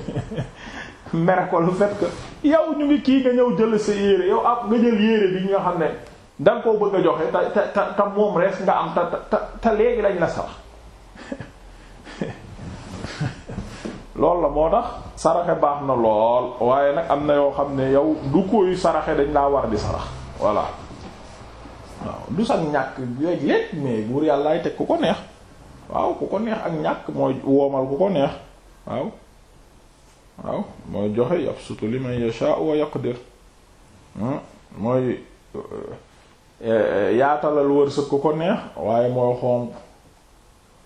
mer ko le fait yow ñu ngi kii nga ñëw jël si yére yow ab nga jël yére bi ñu nga xam ne danga koo bëgg a joxe te te te moom rees nga am te te te léegi la sarax loolu la moo tax saraxe baax na lool waaye nag am na yoo xam ne yow du koy saraxe dañ laa war di sarax voilà waaw du sax ñàkk yooyu léeg mais buur yàllaay teg ku ko neex waaw ku ko neex ak ñàkk mooy woomal ku ko neex waaw waaw mooy joxe yabsutu liman yasha'u wa yaqdir ah mooy euh, euh, yaatalal wërsëg ku ko neex waaye mooy xonq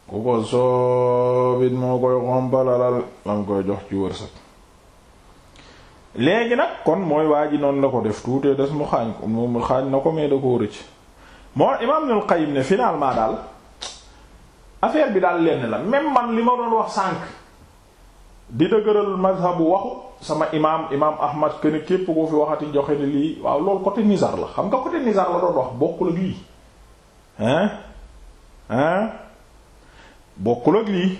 ku ko soobit moo koy xompalalal lam koy jox ci wërsëg léegi nag kon mooy waa ji noonu la ko def tuutee des mu xaañ ko mu xaañ na ko mais da koo rëcc moo imaam Ibnul Qayyim ne finalement daal affaire bi daal lenn la même man li ma doon wax sànq di dëgëral mazhabu waxu sama imaam imaam Ahmad ken képp koo fi waxati joxe ni lii waaw loolu côté Nizar la xam nga côté Nizar la doon wax bokkul ak lii hein bokkul ak lii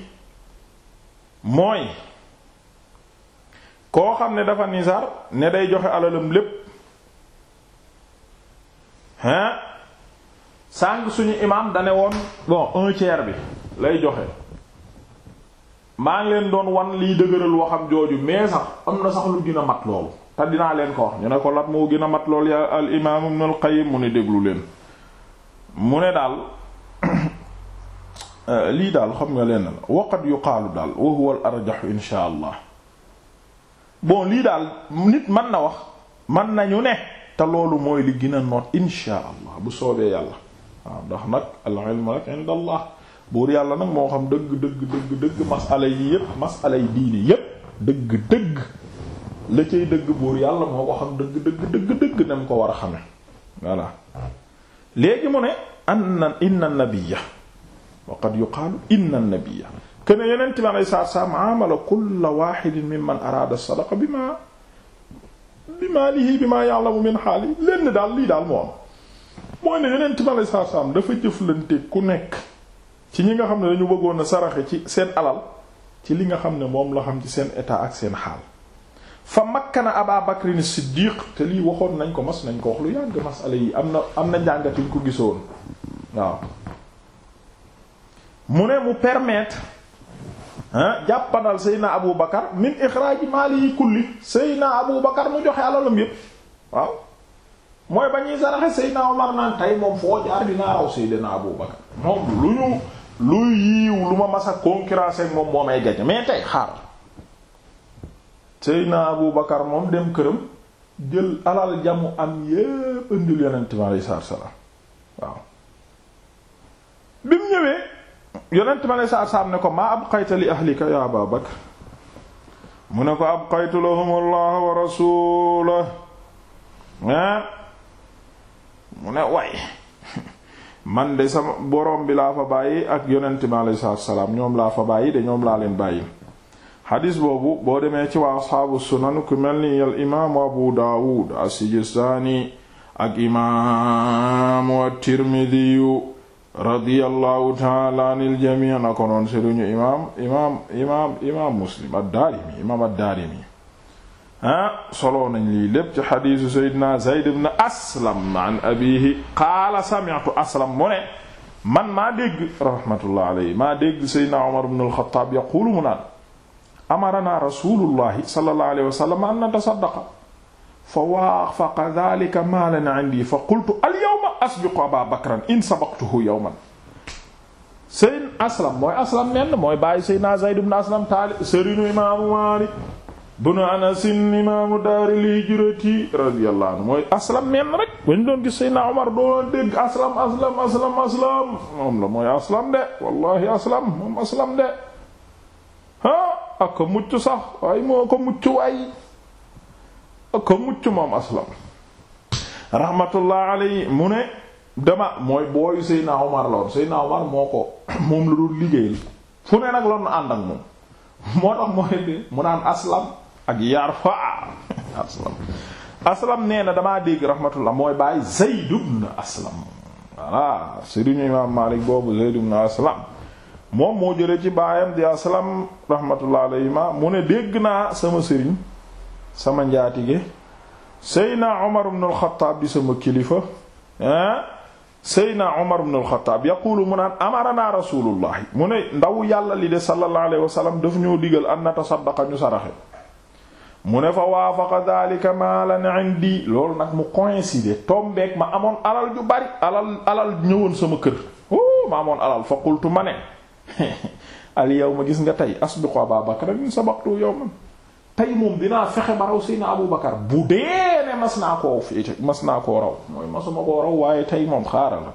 mooy koo xam ne dafa nisar ne day joxe alalam lépp hein sàng suñu imaam dane woon bon un tiers bi lay joxe maa ngi leen doon wan liy dëgëral waxam jooju mais sax am na sax lu gën a mat loolu te dinaa leen ko wax ñu ne ko lat moo gën a mat lool ya al imaam ibn al mu ne déglu leen mu ne daal Euh, lii daal xam nga lenn la waqad yuqaalu daal wa huwa al arjax insha allah bon lii daal nit mën na wax mën nañu ne te loolu mooy li gën noot insha allah bu soobee yàlla waaw ndax nag al ilm rek inda buur yàlla nag moo xam dëgg dëgg dëgg dëgg masala yi yépp dëgg dëgg dëgg buur yàlla moo ko dëgg dëgg dëgg dëgg na war a xame voilà léegi mu ne anna inna nabiyya wa qad yuqaalu inna nabiyya kene yeneen bi alei saatu salaam amala kulla wahidin mimman araada sadaqa bi ma bi maalihi bi mu ya'lamu min xaali lenn daal lii daal moo am mooy ne yeneen bi alei saatu dafa jëflante ku nekk ci ñi nga xam ne dañu bëggoon a saraxe ci seen alal ci li nga xam ne moom la xam ci seen état ak seen xaal fa makkana aba bakrin siddiq te lii waxoon nañ ko mas nañ ko wax lu yàgg masala yi am na am na njàngat yu ñu ko gisoon waaw mu ne mu permettre ah jàppandal Seydina Abu Bakar min ixraaji maali yi kulli Seydina Abu Bakar mu joxe alalam yépp waaw mooy ba ñuy saraxe Seydina Omar Abu Bakar moom lu ñu lu yiiw lu ma mas concurrence ak moom moo may gañ mais tey xaar Seydina Abu Bakar moom dem këram jël alal jamu am yépp indil yonent mi alayhi salaam waaw bi mu ñëwee. yonent ma lay saa saam ne ko maa abqayta li ahlika ya Abaa mu ne ko abqaytu Allah wa rasulahu mu ne waaye man de sama borom bi laa fa bàyyi ak yonent ma lay saa salaam ñoom laa fa bàyyi de ñoom laa leen bàyyi. xadis boobu boo demee ci waa asxaabu sunan ku mel ni al imaamu Abu Daawud as-Sijistaani ak imaamu at radiyallahu taala anil jamii na ko noon sëriñu imaam imaam imaam imaam muslim ad-daarimi imaam ad-daarimi ah soloo nañ lii lépp ci xadiisu seydina zayd ibn aslam an abiihi qaala sami'tu aslam mu ne man maa dégg rahmatullah alayhi maa dégg seydina umar ibn al-xattaab yaquulu mu naan amarana rasuulullahi sallallahu alayhi wa sallam an natasaddaqa fa waafaqa dhalika maalan indi fa qultu al yawma asbiqu aba bakran in sabaqtuhu yawman sëyn aslam mooy aslam menn mooy bàyyi saydna zayd ibn aslam taali sërinu imaamu maalik bunu anasin imaamu daari lhijrati radiyallahu anhu mooy aslam menn rek bañ doon gis saydna omar doon dégg aslam aslam aslam aslam moom la mooy aslam de wallahi aslam moom aslam de ah ak ko mucc sax waaye moo ko mucc waay ko mucc moom aslam rahmatullah alayhi mu ne dama mooy booyu Seydina Omar la woon Seydina moo ko moom la doon liggéeyal fu ne nag loon ànd ak moom moo tax mooy de mu naan aslam ak yar faa aslam nee na damaa dégg rahmatullah mooy bàyyi Zayd aslam voilà sëriñu imam Malik boobu Zayd aslam moom moo jëlee ci baayam di aslam rahmatullah alayhima mu ne dégg naa sama sëriñ sama njaatige seydna Umar ibn al-Khattab di sama kilifa ah seydna Umar ibn al-Khattab yaqulu mu naan amarana rasulullahi mu ne ndaw yàlla li de sallallahu alayhi wa ñoo digal an natasaddaqa ñu saraxe mu ne fa waafaqa dhalika maalan indi loolu nag mu coïncider tombeek ma amoon alal ju bari alal alal ñëwoon sama kër o ma amoon alal fa qultu ma ne al yawma gis nga tey asbiqu Abaa Bakr sabaqtu yawman tey moom dinaa fexe ba raw Seydina Abu Bakar bu dee ne mas naa koo féete mas naa koo raw mooy masuma koo raw waaye tey moom xaaral la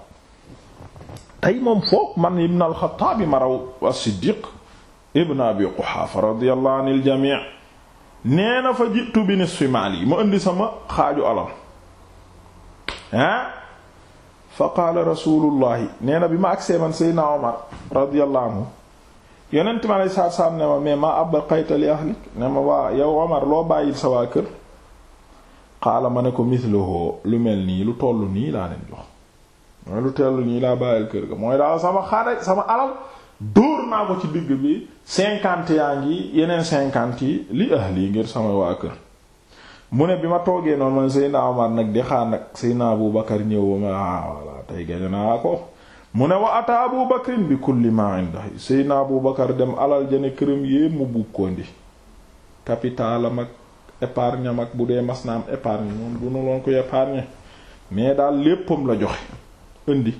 tey moom foog man ibn al-Xattaab ma raw as-Siddiq ibn Abi Quhaafa radiyallahu anil jamii nee na fa jiitu bi nisfi maali ma indi sama xaaju alal ah fa qaala rasulullahi nee na bi ma agsee man Seydina Omar radiyallahu anhu yonent ma lay saar saam ne ma mais ma abba xaytali ahlik ne ma waa yow Omar loo bàyyil sa waa kër xaala ma ne ko misluhu lu mel nii lu toll nii laa leen jox mooy lu tellu nii laa bàyyil kër ga mooy daal sama xare sama alal dóor naa ko ci digg bi cinquante yaa ngi yeneen cinquante yi li ahli ngir sama waa kër mu ne bi ma toogee noonu man Seydina Omar nag di xaar nag Seydina Abu Bakar ñëw ma walla ah, tey gañu naa ko mu ne wa ata abu bakrin bi kulli ma indahi seydna abu bakar dem alal jane këram yépp mu buub ko ndi capitalam ak épargne am ak bu dee mas na am épargne moom dunu loon ko épargne mais daal léppam la joxe indi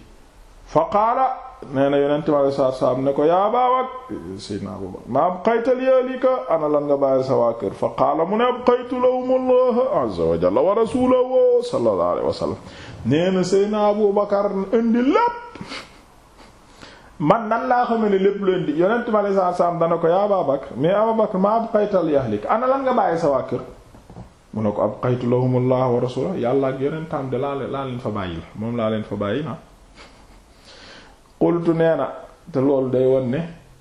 fa qaala nee na yonent mi alayhi salaam ne ko yaa baawak sayyidina Abu Bakr ma abqayta li ahlika ana lan nga bàyyi sa waa kër fa qaala mu ne abqaytu lahum Allah wa jalla wa rasulahu sallallahu alayhi na sayyidina Abu Bakr indi lépp man nan laa xamee ne lépp lu indi yonent mi salaam dana ko yaa Abu Bakr Abu Bakr ma abqayta li ahlika ana lan nga bàyyi sa mu ne ko abqaytu lahum Allah wa rasulahu yàlla ak yonentam de laa fa bàyyil qultu nee na te loolu day won ne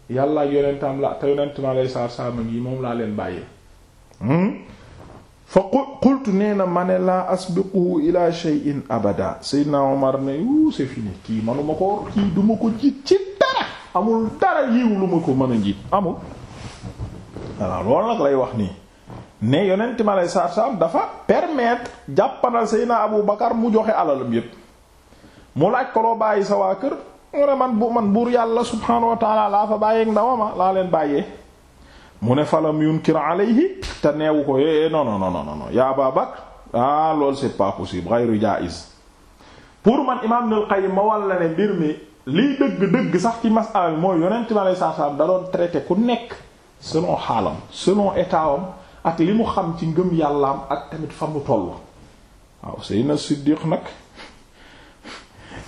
yàlla ak yonentam la te yonentam alay saar saamam yi moom laa leen bàyyee hmm? fa qultu nee na ma ne laa asbiquhu ila shay'in abada seydna omar ne wu c'est kii manuma ko kii duma ko jiit ci dara amul dara yiw lu ma ko mën a jiit amul voilà loolu nag lay wax nii ne yonent ma lay saar saam dafa permettre jàppanal seydna abu bakar mu joxe alalam yépp mu laaj ko loo bàyyi sa waa kër mu ne man bu man buur yàlla subhaanahu wa taala laa fa bàyyeeg ndawama laa leen bàyyee mu ne falam yunkir alayhi te neewu ko é eh, eh, non non non non ya Abaa Bakr ah loolu c'est pas possible ghayru jaiz pour man imaam Ibnul Qayyim ma wal ne mbir mi liy dëgg-dëgg sax ci masala bi mooy yonent bi alayhi salaam da doon traité ku nekk selon xaalam selon état ak li mu xam ci ngëm yàllaam ak tamit fa mu toll waaw Seydina Siddiq nag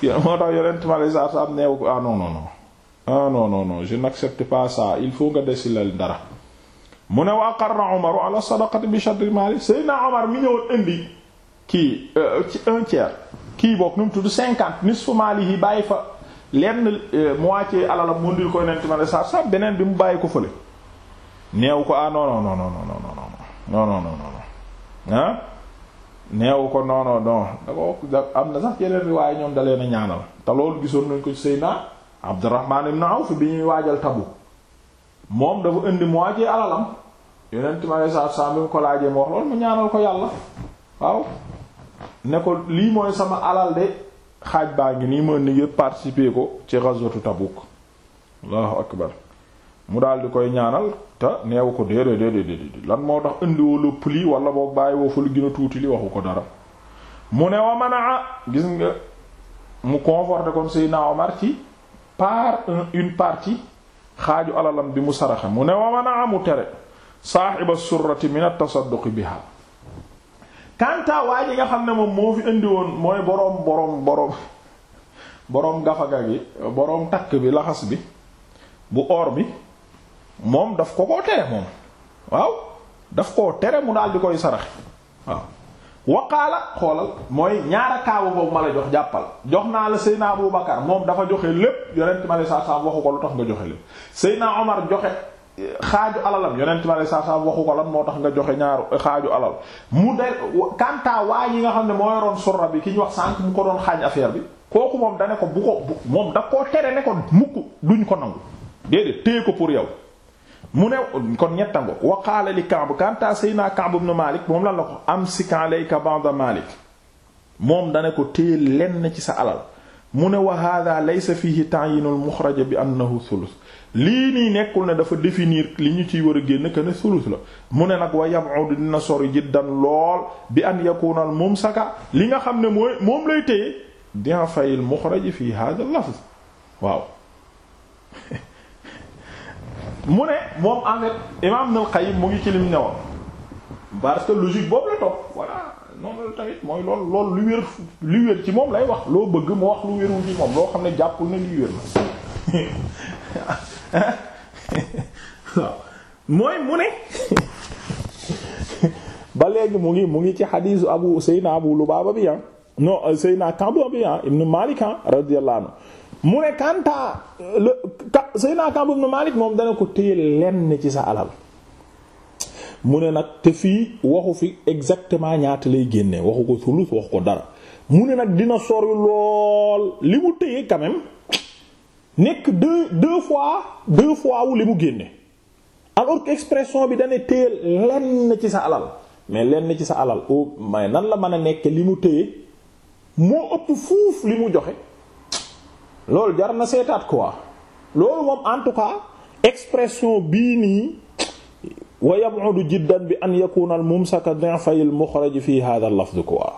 moo tax yonent ma lay saa am neew ko ah non non non ah non non non je n'accepte pas ça il faut nga desilal dara mu ne wa aqarra Umar ala sadaqati bi shatri mali Seydina Omar mi ñëwoon indi kii ci un tiers kii bokk nu mu tudd cinquante nisfu maali yi bàyyi fa lenn moitié alalam mu ndil ko yonent ma lay saa saa beneen bi mu bàyyi ko fële neew ko ah non non non non non non non non non non ah neewu ko non non non da am na sax yeneen riwaay ñoom dalee na a ñaanal te loolu gisoon nañ ko ci Seydina Abdurrahman ibn Awf bi ñuy waajal tabu moom dafa indi mu waajee alalam yonent mi alei satu salaam mu ko laajee mu wax loolu mu ñaanal ko yàlla waaw ne ko lii mooy sama alal de xaaj baa ngi nii ma indi ngir ko ci ghazwatu Tabuk Allahu akbar mu daal di koy ñaanal te neewu ko déedéet déedéet lan moo tax indiwoo lépp lii wala boo bàyyi woo fa lu gën a tuuti li waxu ko dara mu ne wa manaa gis nga mu conforté kon Seydina Omar ci par une partie xaaju alalam bi mu saraxe mu ne wa manaa mu tere saaxiba surrati min at-tasadduq biha kanta waa ji nga xam ne moom moo fi indi woon mooy boroom boroom boroom boroom gafaga gi boroom takk bi laxas bi bu or bi moom daf ko koo tere moom waaw daf koo tere mu daal di koy saraxe waaw waqaala xoolal mooy ñaara kaabu boobu ma la jox jàppal jox naa la Seyna Abu Bakar moom dafa joxe lépp yonent ma lay saa saa waxu ko nga joxe lépp Seyna Omar joxe eh, xaaju alalam yonent ma lay saa saa waxu lan moo tax nga joxe ñaaru eh, xaaju alal mu de kanta waa yi nga xam ne moo yoroon surra bi ki ñu wax sànq mu ko doon xaañ affaire bi kooku moom da ko bu ko moom da koo tere ne ko mukk duñ ko nangu déedéet téye ko pour yow. mu ne kon ñettango wa qaala li Ka'b kanta sayna Ka'b ibn Malik moom lan la ko amsik alayka ba'da Malik moom dana ko téye lenn ci sa alal mu ne wa hadha laysa fihi ta'yinul muxraja bi annahu thuluth lii nii nekkul ne dafa définir li ñu ciy war a génn que ne thuluth la mu ne nag wa yab'ud dina sori lool bi an yakuna moom mumsaka li nga xam ne mooy moom lay téye din fayil muxraji fi hadha al waaw mu ne moom en fait na Ibnul Qayyim mu ngi ci lim ne woon parce que logique boobu la topp voilà noonu la tamit mooy loolu loolu lu wér lu wér ci moom lay wax loo bëgg mu wax lu wérul ci moom loo xam ne jàppul ne lu wér la mooy mu ne ba léegi mu ngi mu ngi ci xadiisu abu Seyna abu Lubaaba bi ah non Seyna Ka'b bi ah ibnu Maalik ah, radiyallahu anhu mu ne Kanta le ka Seydina Ka'b ibn Malik moom dana ko téye lenn ci sa alal mu ne nag te fii waxu fi exactement ñaata lay génne waxu ko sulus waxu dara mu ne nag dina sori lool li mu téye quand nekk deux deux fois deux fois wu li mu génne alors que bi dana téye ci sa alal mais lenn ci sa alal o oh, may nan la mën a nekk li mu téye moo ëpp fuuf li mu joxe. loolu jar na seetaat quoi loolu moom en tout cas expression bii nii wa yab'udu jiddan bi an yakuna al mumsaka di'fay al mukhraj fi hadha al lafz quoi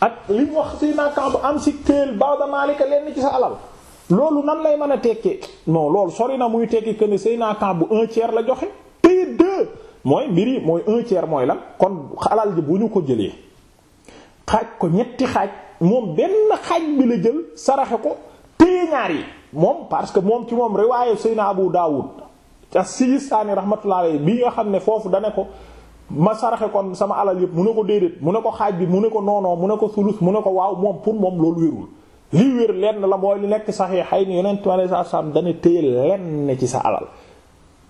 ak li mu wax si naakaam bu am si lenn ci sa alal loolu nan lay mën a tekkee non loolu sori na muy tekki que ne say naakaam bu un tiers la joxe paye deux mooy mbiri mooy un tiers mooy lan kon alal ji bu ñu ko jëlee xaaj ko ñetti xaaj moom benn xaaj bi la jël saraxe ko téye ñaar yi moom parce que moom ci moom riwaaye Seyna Abu Dawud ca Sijistaani rahmatullah alayhi bi nga xam ne foofu da ne ko ma saraxe kon sama alal yëpp mu ne ko déedéet mu ne ko xaaj bi mu ne ko noonoo mu ne ko sulus mu ne ko waaw moom pour moom loolu wérul li wér lenn la mooy li nekk saxiixay ni yonent alayhi salaam dana téye lenn ci sa alal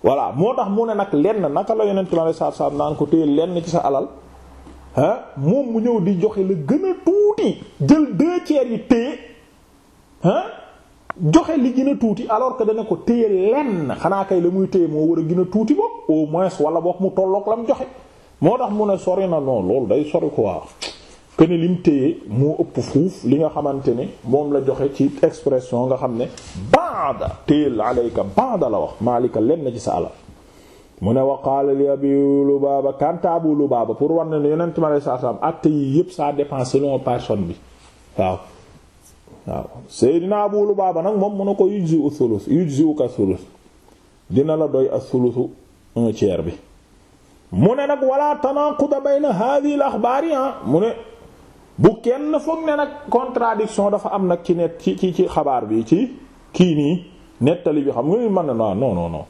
voilà moo tax mu ne nag lenn naka la yonent alayhi salaam naan ko téye lenn ci sa alal ah moom mu ñëw di joxe la gën a tuuti jël yi téye joxe li gën tuuti alors que dana ko téye lenn xanaa kay la muy téye moo war a gën a tuuti boog au moins wala boog mu tolloog lam joxe moo tax mu ne sori na non loolu day sori quoi que ne lim téye moo ëpp fuuf li nga xamante ne moom la joxe ci expression nga xam ne baada téyel alayka baada la wax maalika lenn ci sa alal mu ne wa qaala li abi lubaaba kanta abu lubaaba pour war ne yonent mi sallallahu alayhi wasallam actes yi yëpp sa dépend selon personne bi waaw waaw Seydina Abu Lubaaba nag moom mu ne ko yujzi'u thuluth yujzi'uka thuluth dina la doy athuluthu un tiers bi mu ne nag wala tanaaquda bayna hadhihi al-axbaar ah. mu ne bu kenn foog ne nag contradiction dafa am nag ci net ci ci ci xabaar bi ci kii nii nettali bi xam nga mën na non non non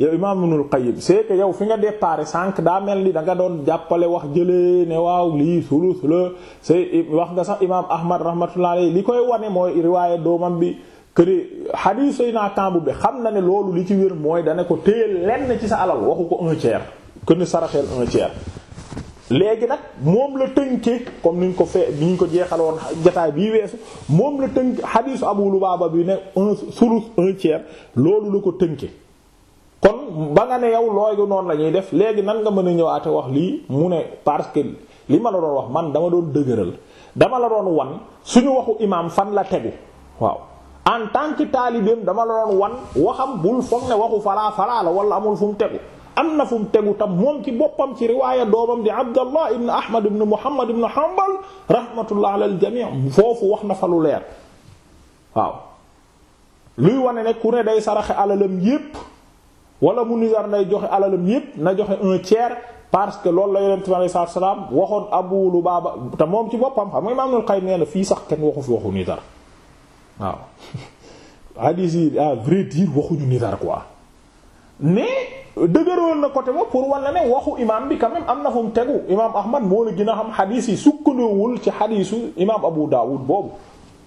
yow imaam Ibnul Qayyim c'est yow fi nga déparé sànq daa mel ni danga doon jàppale wax jële ne waaw lii sulus la c'est wax nga sax imaam Ahmad rahmatullah alayhi li koy wane mooy riwaaye doomam bi këri xadiis Seydina tambu bi xam na ne loolu li ci wér mooy dana ko téye lenn ci sa alal waxu ko un tiers que ni saraxeel léegi nag moom la tënke comme ni ko fee ni ñu ko jeexaloon jataay bii weesu moom la tënk xadiisu Abu Lubaaba bi ne un sulus un tiers loolu la ko tënkee. kon ba nga ne yow looy noonu lañuy def léegi nan nga mën a ñëwaate wax lii mu ne parce que li ma la doon wax man dama doon dëgëral dama la doon wan suñu waxu imaam fan la tegu waaw en tant que taalibeem dama la doon wan waxam bul foog ne waxu falaa falaa la wala amul fu mu tegu am na fu mu tegu tam moom ci boppam ci riwaaya doomam di abdallah ibn ahmad ibn muhammad ibn hanbal rahmatullah ala aljami foofu wax na falu leer waaw luy wane ne ku ne day yépp wala mu nizar nay joxe alalam yépp na joxe un tiers parce que loolu la yonent bi alayhi salaatu wa salaam waxoon Abu Lubaaba te moom ci boppam xam nga Imaam Ibnul Qayyim nee na fii sax kenn waxu fi waxu nizar waaw hadis yi à ah, vrai dire waxuñu nizar na côté ba pour walla ne waxu imaam bi quand même am na fu mu tegu imaam Ahmad moo la gën a xam xadiis yi sukkandoowul ci xadiisu imaam Abu Daawud boobu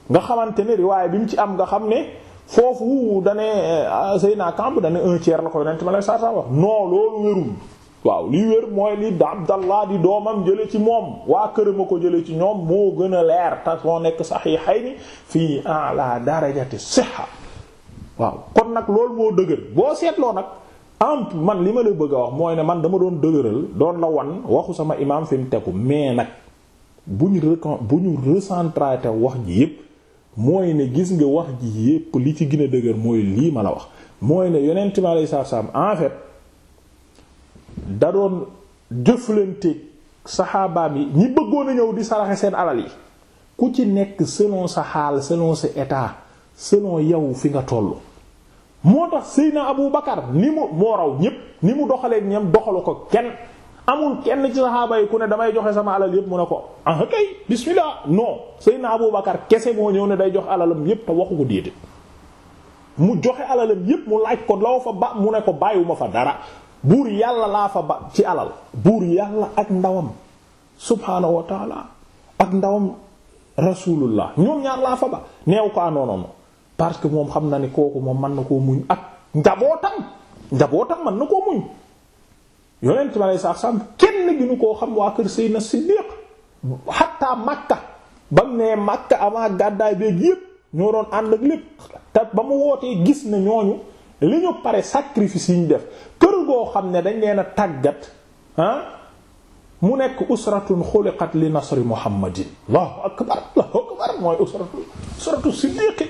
nga xamante ne riwaay bi mu ci am nga xam ne foofu dane euh, Seydina Kamb dane un tiers la ko yonent ma lay saa saa wax non loolu wérul waaw li wér mooy li Abdallah di doomam jële ci moom waa kër a ko jële ci ñoom moo gën a leer te moo nekk sahihayni fii ala darajati sihha waaw kon nag loolu boo dëgër boo seetloo nag ample man li ma la bëgg a wax mooy ne man dama doon dëgëral doon la wan waxu sama imaam fi mu tegu mais nag bu ñu recon bu ñu recentré wax jii yépp mooy ne gis nga wax ji yépp li ci gina a dëgër mooy lii ma la wax mooy ne yonent bi aleyhi salaatu salaam en fait da doon jëflanteeg saxaabaam yi ñi bëggoon a ñëw di saraxe seen alal yi ku ci nekk selon sa xaal selon sa état selon yow fi nga toll. moo tax Seydina Abu Bakar ni mu moo raw ñépp ni mu doxalee ñam doxalu ko kenn. amul kenn ci saxaaba yi ku ne damay joxe sama alal yépp mu ne ko ah kay bismillah non Seydina Abubakar kese moo ñëw ne day jox alalam yépp te waxu ko déedéet mu joxe alalam yépp mu laaj ko law fa ba mu ne ko bàyyiwuma fa dara buur yàlla laa fa ba ci alal buur yàlla ak ndawam subhaanahu wa ak ndawam rasulullah ñoom ñaar laa fa ba neew ko anoonono ah, parce que moom xam na ne kooku moom mën na koo muñ ak njabootam njabootam mën na koo muñ yonent sa aleyhi salaam kenn gi ñu koo xam waa kër Seydina Siddiq xatta Makka ba mu nee Makka avant gàddaay beeg yëpp ñoo doon ànd ak lépp te ba mu wootee gis na ñooñu li ñu pare sacrifice yi ñu def kër goo xam ne dañ leen a tàggat ah, mu nekk usratun xuliqat li nasri muhammadin allahu akbar allahu akbar mooy usratu usratu Siddiq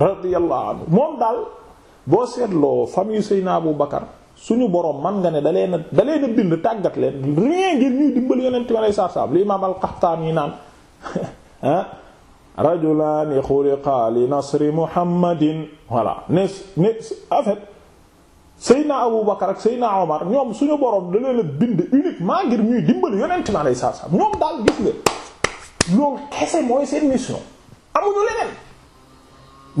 radiyallahu anhu moom daal boo seetloo famille Seydina Abu Bakar suñu borom man nga ne da leen a da bind tàggat leen rien ngir ñuy dimbali yonent ma lay saab-saab li imaam al-Qaxtaan yi naan ah rajulaani xuliqaa li nasri muhammadin voilà ne ne en fait Abu Bakar ak Omar ñoom suñu borom da leen a bind uniquement ngir ñuy dimbali yonent ma lay saab-saab ñoom daal gis nga loolu kese mooy seen mission amuñu leneen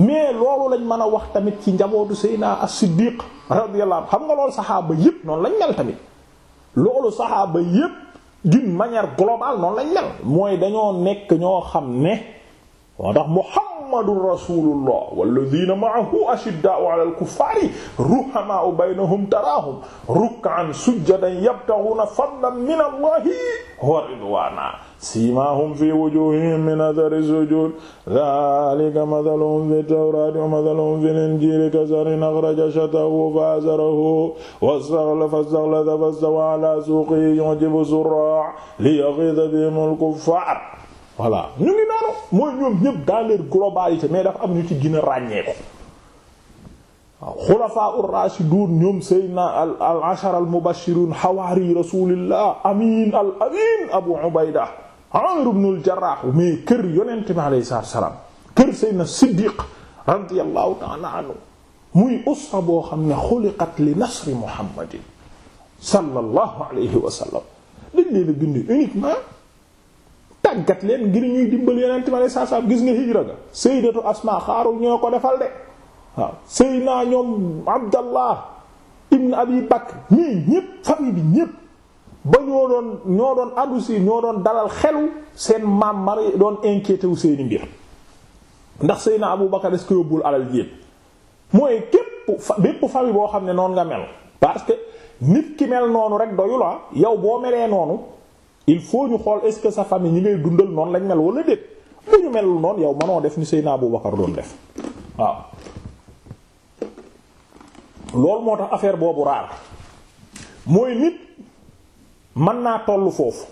mais loolu lañ mën a wax tamit ci njabootu Seydina as-Siddiq radiyallahu xam nga loolu saxaaba yépp noonu lañ mel tamit loolu saxaaba yépp d'une manière globale noonu lañ mel mooy dañoo nekk ñoo xam ne waa tax Muhammadur rasulullah walladhina ma'ahu ashidda'u 'alal kuffari ruhama'u baynahum tarahum ruk'an sujjadan yabtaghuna fadlan min allahi wa siimaahum fi wujuuhihim min athari sujuud dhaalika mathaluhum fi tawraati wa mathaluhum fil injiili kazarin akhraja shat'ahu faazarahu fastaghlasa fastawaa alaa suuqihi yu'jibu zurraa'ahu liyaghiiza bihimul kuffaar voilà ñu ngi noonu mooy ñoom ñëpp dans leur globalité mais dafa am ñu ci gën a ràññee ko waaw xulafaa ur-raashidun ñoom seydna al ashara al mubashirun hawaari rasulillah amin al amin abu ubayda Amr ibn al-Jarrah mais kër yonent bi alayhi salaam kër Seydina Siddiq radiyallahu ta'ala anhu muy usra boo xam ne xuliqat li nasri Muhammadin sallallahu alayhi wa sallam dañ leen a bind uniquement tàggat leen ngir ñuy dimbal yonent bi alayhi salaam gis nga hijra ga Sayyidatu Asma xaaru ñoo ko defal de waaw Seydina ñoom Abdallah ibn Abi Bakr ñii ñépp famille bi ñépp. ba ñoo doon ñoo doon adoucir ñoo doon dalal xelu seen maam mari doon inquiété wu seeni mbir ndax Seydina Abu Bakar est-ce que alal yépp mooy képp bépp famille boo xam ne noonu nga mel parce que nit ki mel noonu rek doyu la ah. yow boo melee noonu il faut ñu xool est-ce que sa famille ñu ngay dundal noonu lañ mel wala déet bu ñu melul noon yow mënoo def ni Seydina Abu Bakar doon def waaw loolu moo tax affaire boobu raar mooy nit man naa toll foofu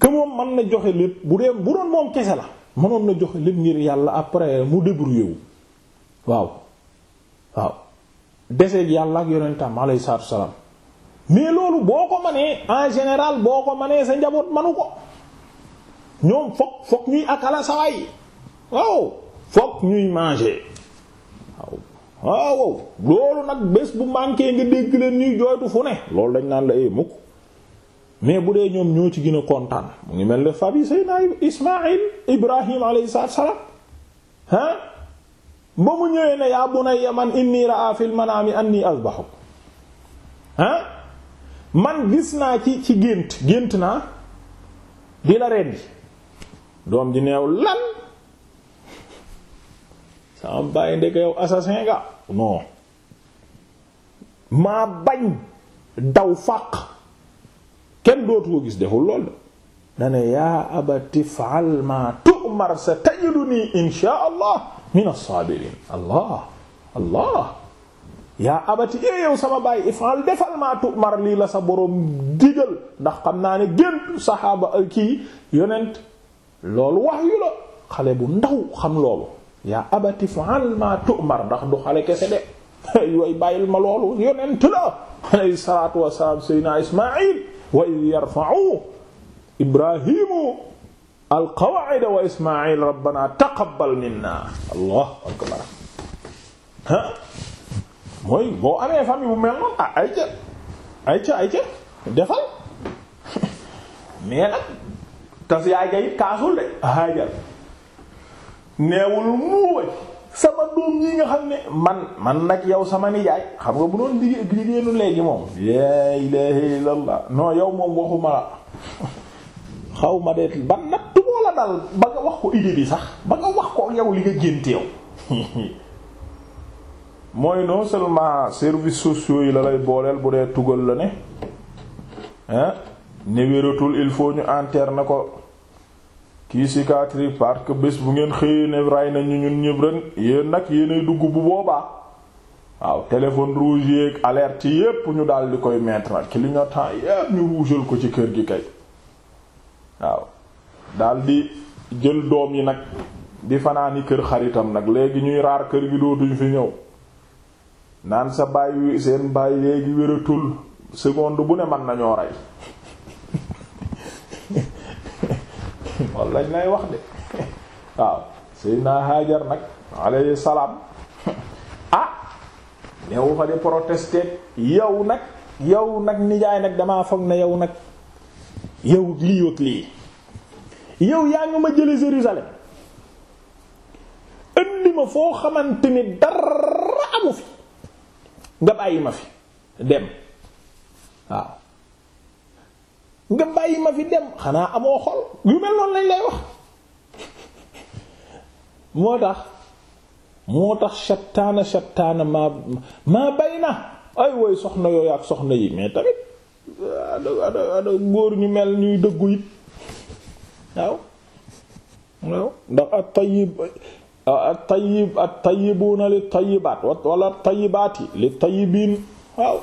que moom mën na joxe lépp bu dee bu doon moom kese la mënoon na joxe lépp ngir yàlla après mu débrouillé wu waaw waaw deseeg yàlla ak yonentam alayhi salaatu salaam mais loolu boo ko manee en général boo ko manee sa njaboot manu ko ñoom fokk fokk ñuy akala sawaay waaw fokk ñuy manger waaw waaw loolu nag bés bu manqué nga dégg leen ñuy jooytu fu ne loolu dañ naan la ee eh, mukk mais bu dee ñoom ñoo ci gën kontaan mu ngi mel ne fabi sayna ismail ibrahim alayhi salaam ah ba mu ñëwee ne yaa bunayya man inni ra'a fil manami anni azbahuk ah man gis naa ci ci gént gént naa di la rendi doom di neew lan sama bàyyi ndeke yow assassin nga non maa bañ daw fàq kenn dootu gis deful lool dane yaa abati fa'al ma tu'mar sa tajiduni inshaa allah min allah allah yaa abati eh, yow sama baay ifal defal maa tu'mar lii la sa borom digal ndax xam naa ne géntu saxaaba ak kii yonent loolu wax la xale bu ndaw xam loolu yaa abati ifal maa tu'mar ndax du xale kese de yooyu bàyyil ma loolu yonent la alayhi salaatu wassalaam sayyidina ismaayil wa id yarfa'u ibrahimu alqawaida wa ismail rabbana taqabbal minna allah akbar ah mooy boo amee famille bu mel noonu ah ay ca ay ca ay ca defal mais nag tas yaay ga it kaasul de haajal neewul mu way sama doom yi nga xam ne man man nag yow sama nijaay xam nga bu doon liggéey liggéeyanu léegi moom laa ilaaha illallah non yow moom waxuma la xaw ma deet ba nattu moo la dal ba nga wax ko idée bi sax ba nga wax ko yow li nga gént yow mooy non seulement services sociaux yi la lay booleel bu dee tugal la ne ah ne il faut ñu interne ko kii cicatrice parce que bés bu ngeen xëyee ne ray na ñu ñun ñëpp ren yéen nag yéenay dugg bu boobaa waaw téléphone rouge yeeg alerte yépp ñu daal di koy mettre clignotant yépp ñu ruujal ko ci kër gi kay waaw daal jël doom yi nag di fanaani kër xaritam nag léegi ñuy raar kër gi dootuñ fi ñëw naan sa bàyyi seen bàyyi léegi wératul seconde bu ne man nañoo rey lañ lay wax de waaw Seydina Hajar nag alayhi salaam ah neewu fa di protester yow nag yow nag nijaay nag damaa foog ne yow nag yow lii wëg lii yow yaa ngi ma jële Jérusalem indi ma foo xamante ni dara amu fi nga bàyyi ma fi dem waaw nga bàyyi ma fi dem xanaa amoo xol yu mel noonu lañ lay wax moo tax moo tax shattaana shattaana maa maa bay na ay woy soxna yooyu ak soxna yi mais tamit ada ada ada góor ñu mel ñuy dëggu it waaw waaw ndax at tayyib at tayyib at tayyibuuna li tayyibaat wala at li tayyibiin waaw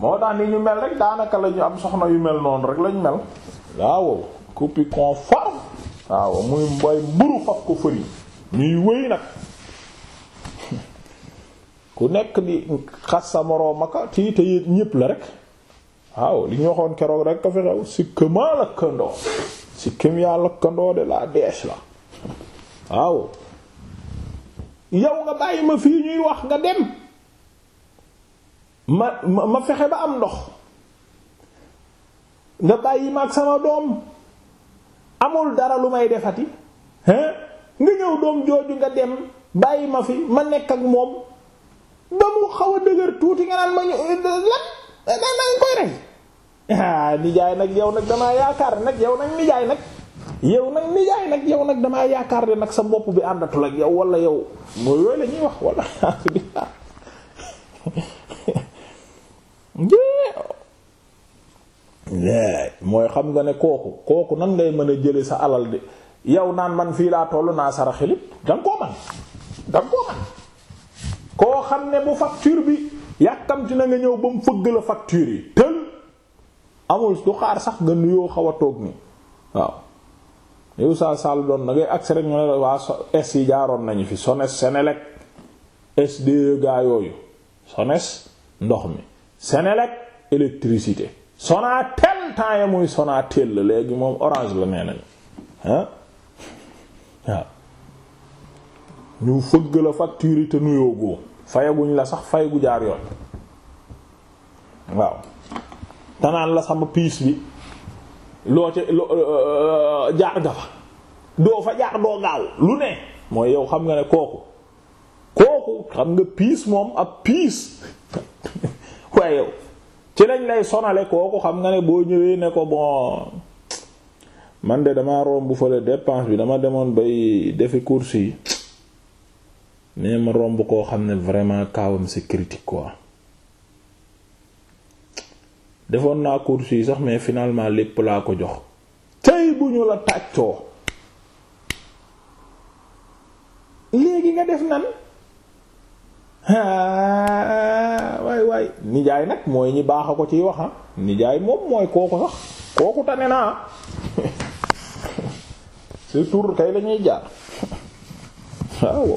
moo tax ni ñu mel rek daanaka la ñu am soxna yu mel noonu rek lañ mel waaw copie conforme waaw muy mbay mburu faf ko fëri ñuy wëy nag ku nekk di xas sa moroom aka ñépp la rek waaw li waxoon keroog rek ko fi xew sikkëmaa lëkkandoo sikkëm yaa lëkkandoo de la dees la waaw yow nga bàyyi ma fii ñuy wax nga dem ma ma ma fexe ba am ndox nga bàyyi ma ak sama doom amul dara lu may defati hein nga ñëw doom jooju nga dem bàyyi ma fi ma nekk ak moom ba mu xaw a dëgër tuuti nga naan ma ñu eh, lan eh, daan nañ koy rey ah, nijaay nag yow nag damaa yaakaar nag yow nag nijaay nag yow nag yow nag damaa yaakaar nag sa bopp bi àndatul ak yow wala yow mooy yooyu la ñuy wax wala mooy xam nga ne kooku kooku nan ngay mën a jële sa alal de yow naan man fii laa tollu naa sara xilip danga koo man danga koo man koo xam ne bu facture bi yàkkamti na nga ñëw ba mu fëgg la facture yi tël amul du xaar sax nga nuyoo xaw a toog ni waaw yow saa saal doon na ngay nga ne waa S yi jaaroon nañu fi Sones Senelec SDE gaa yooyu Sones ndox mi Senelec électricité Sonatel temps ya muy Sonatel la léegi moom orange la nee nañu ah waaw ñu fëgg la facture nuyoo góo fayaguñ la sax fay gu jaar yoon waaw tanaan la sama piis bi loo ca euh, euh, jaar nga fa doo fa jaar doo gaaw lu ne mooy yow xam nga ne kooku kooku xam nga piis moom ab piis waaye ci lañ lay sonale kooku xam nga ne boo ñëwee ne ko bon man de damaa romb fële dépense bi dama demoon bay defi course yi mais ma romb koo xam ne vraiment kaawam c'est critique quoi defoon naa course yi sax mais finalement lépp laa ko jox tey bu ñu la tàccoo léegi nga def nan waay waay nijaay nag mooy ñi baax a ko ciy wax ah nijaay moom mooy kooku sax kooku tane naa surtout kay la ñuy jaar waaw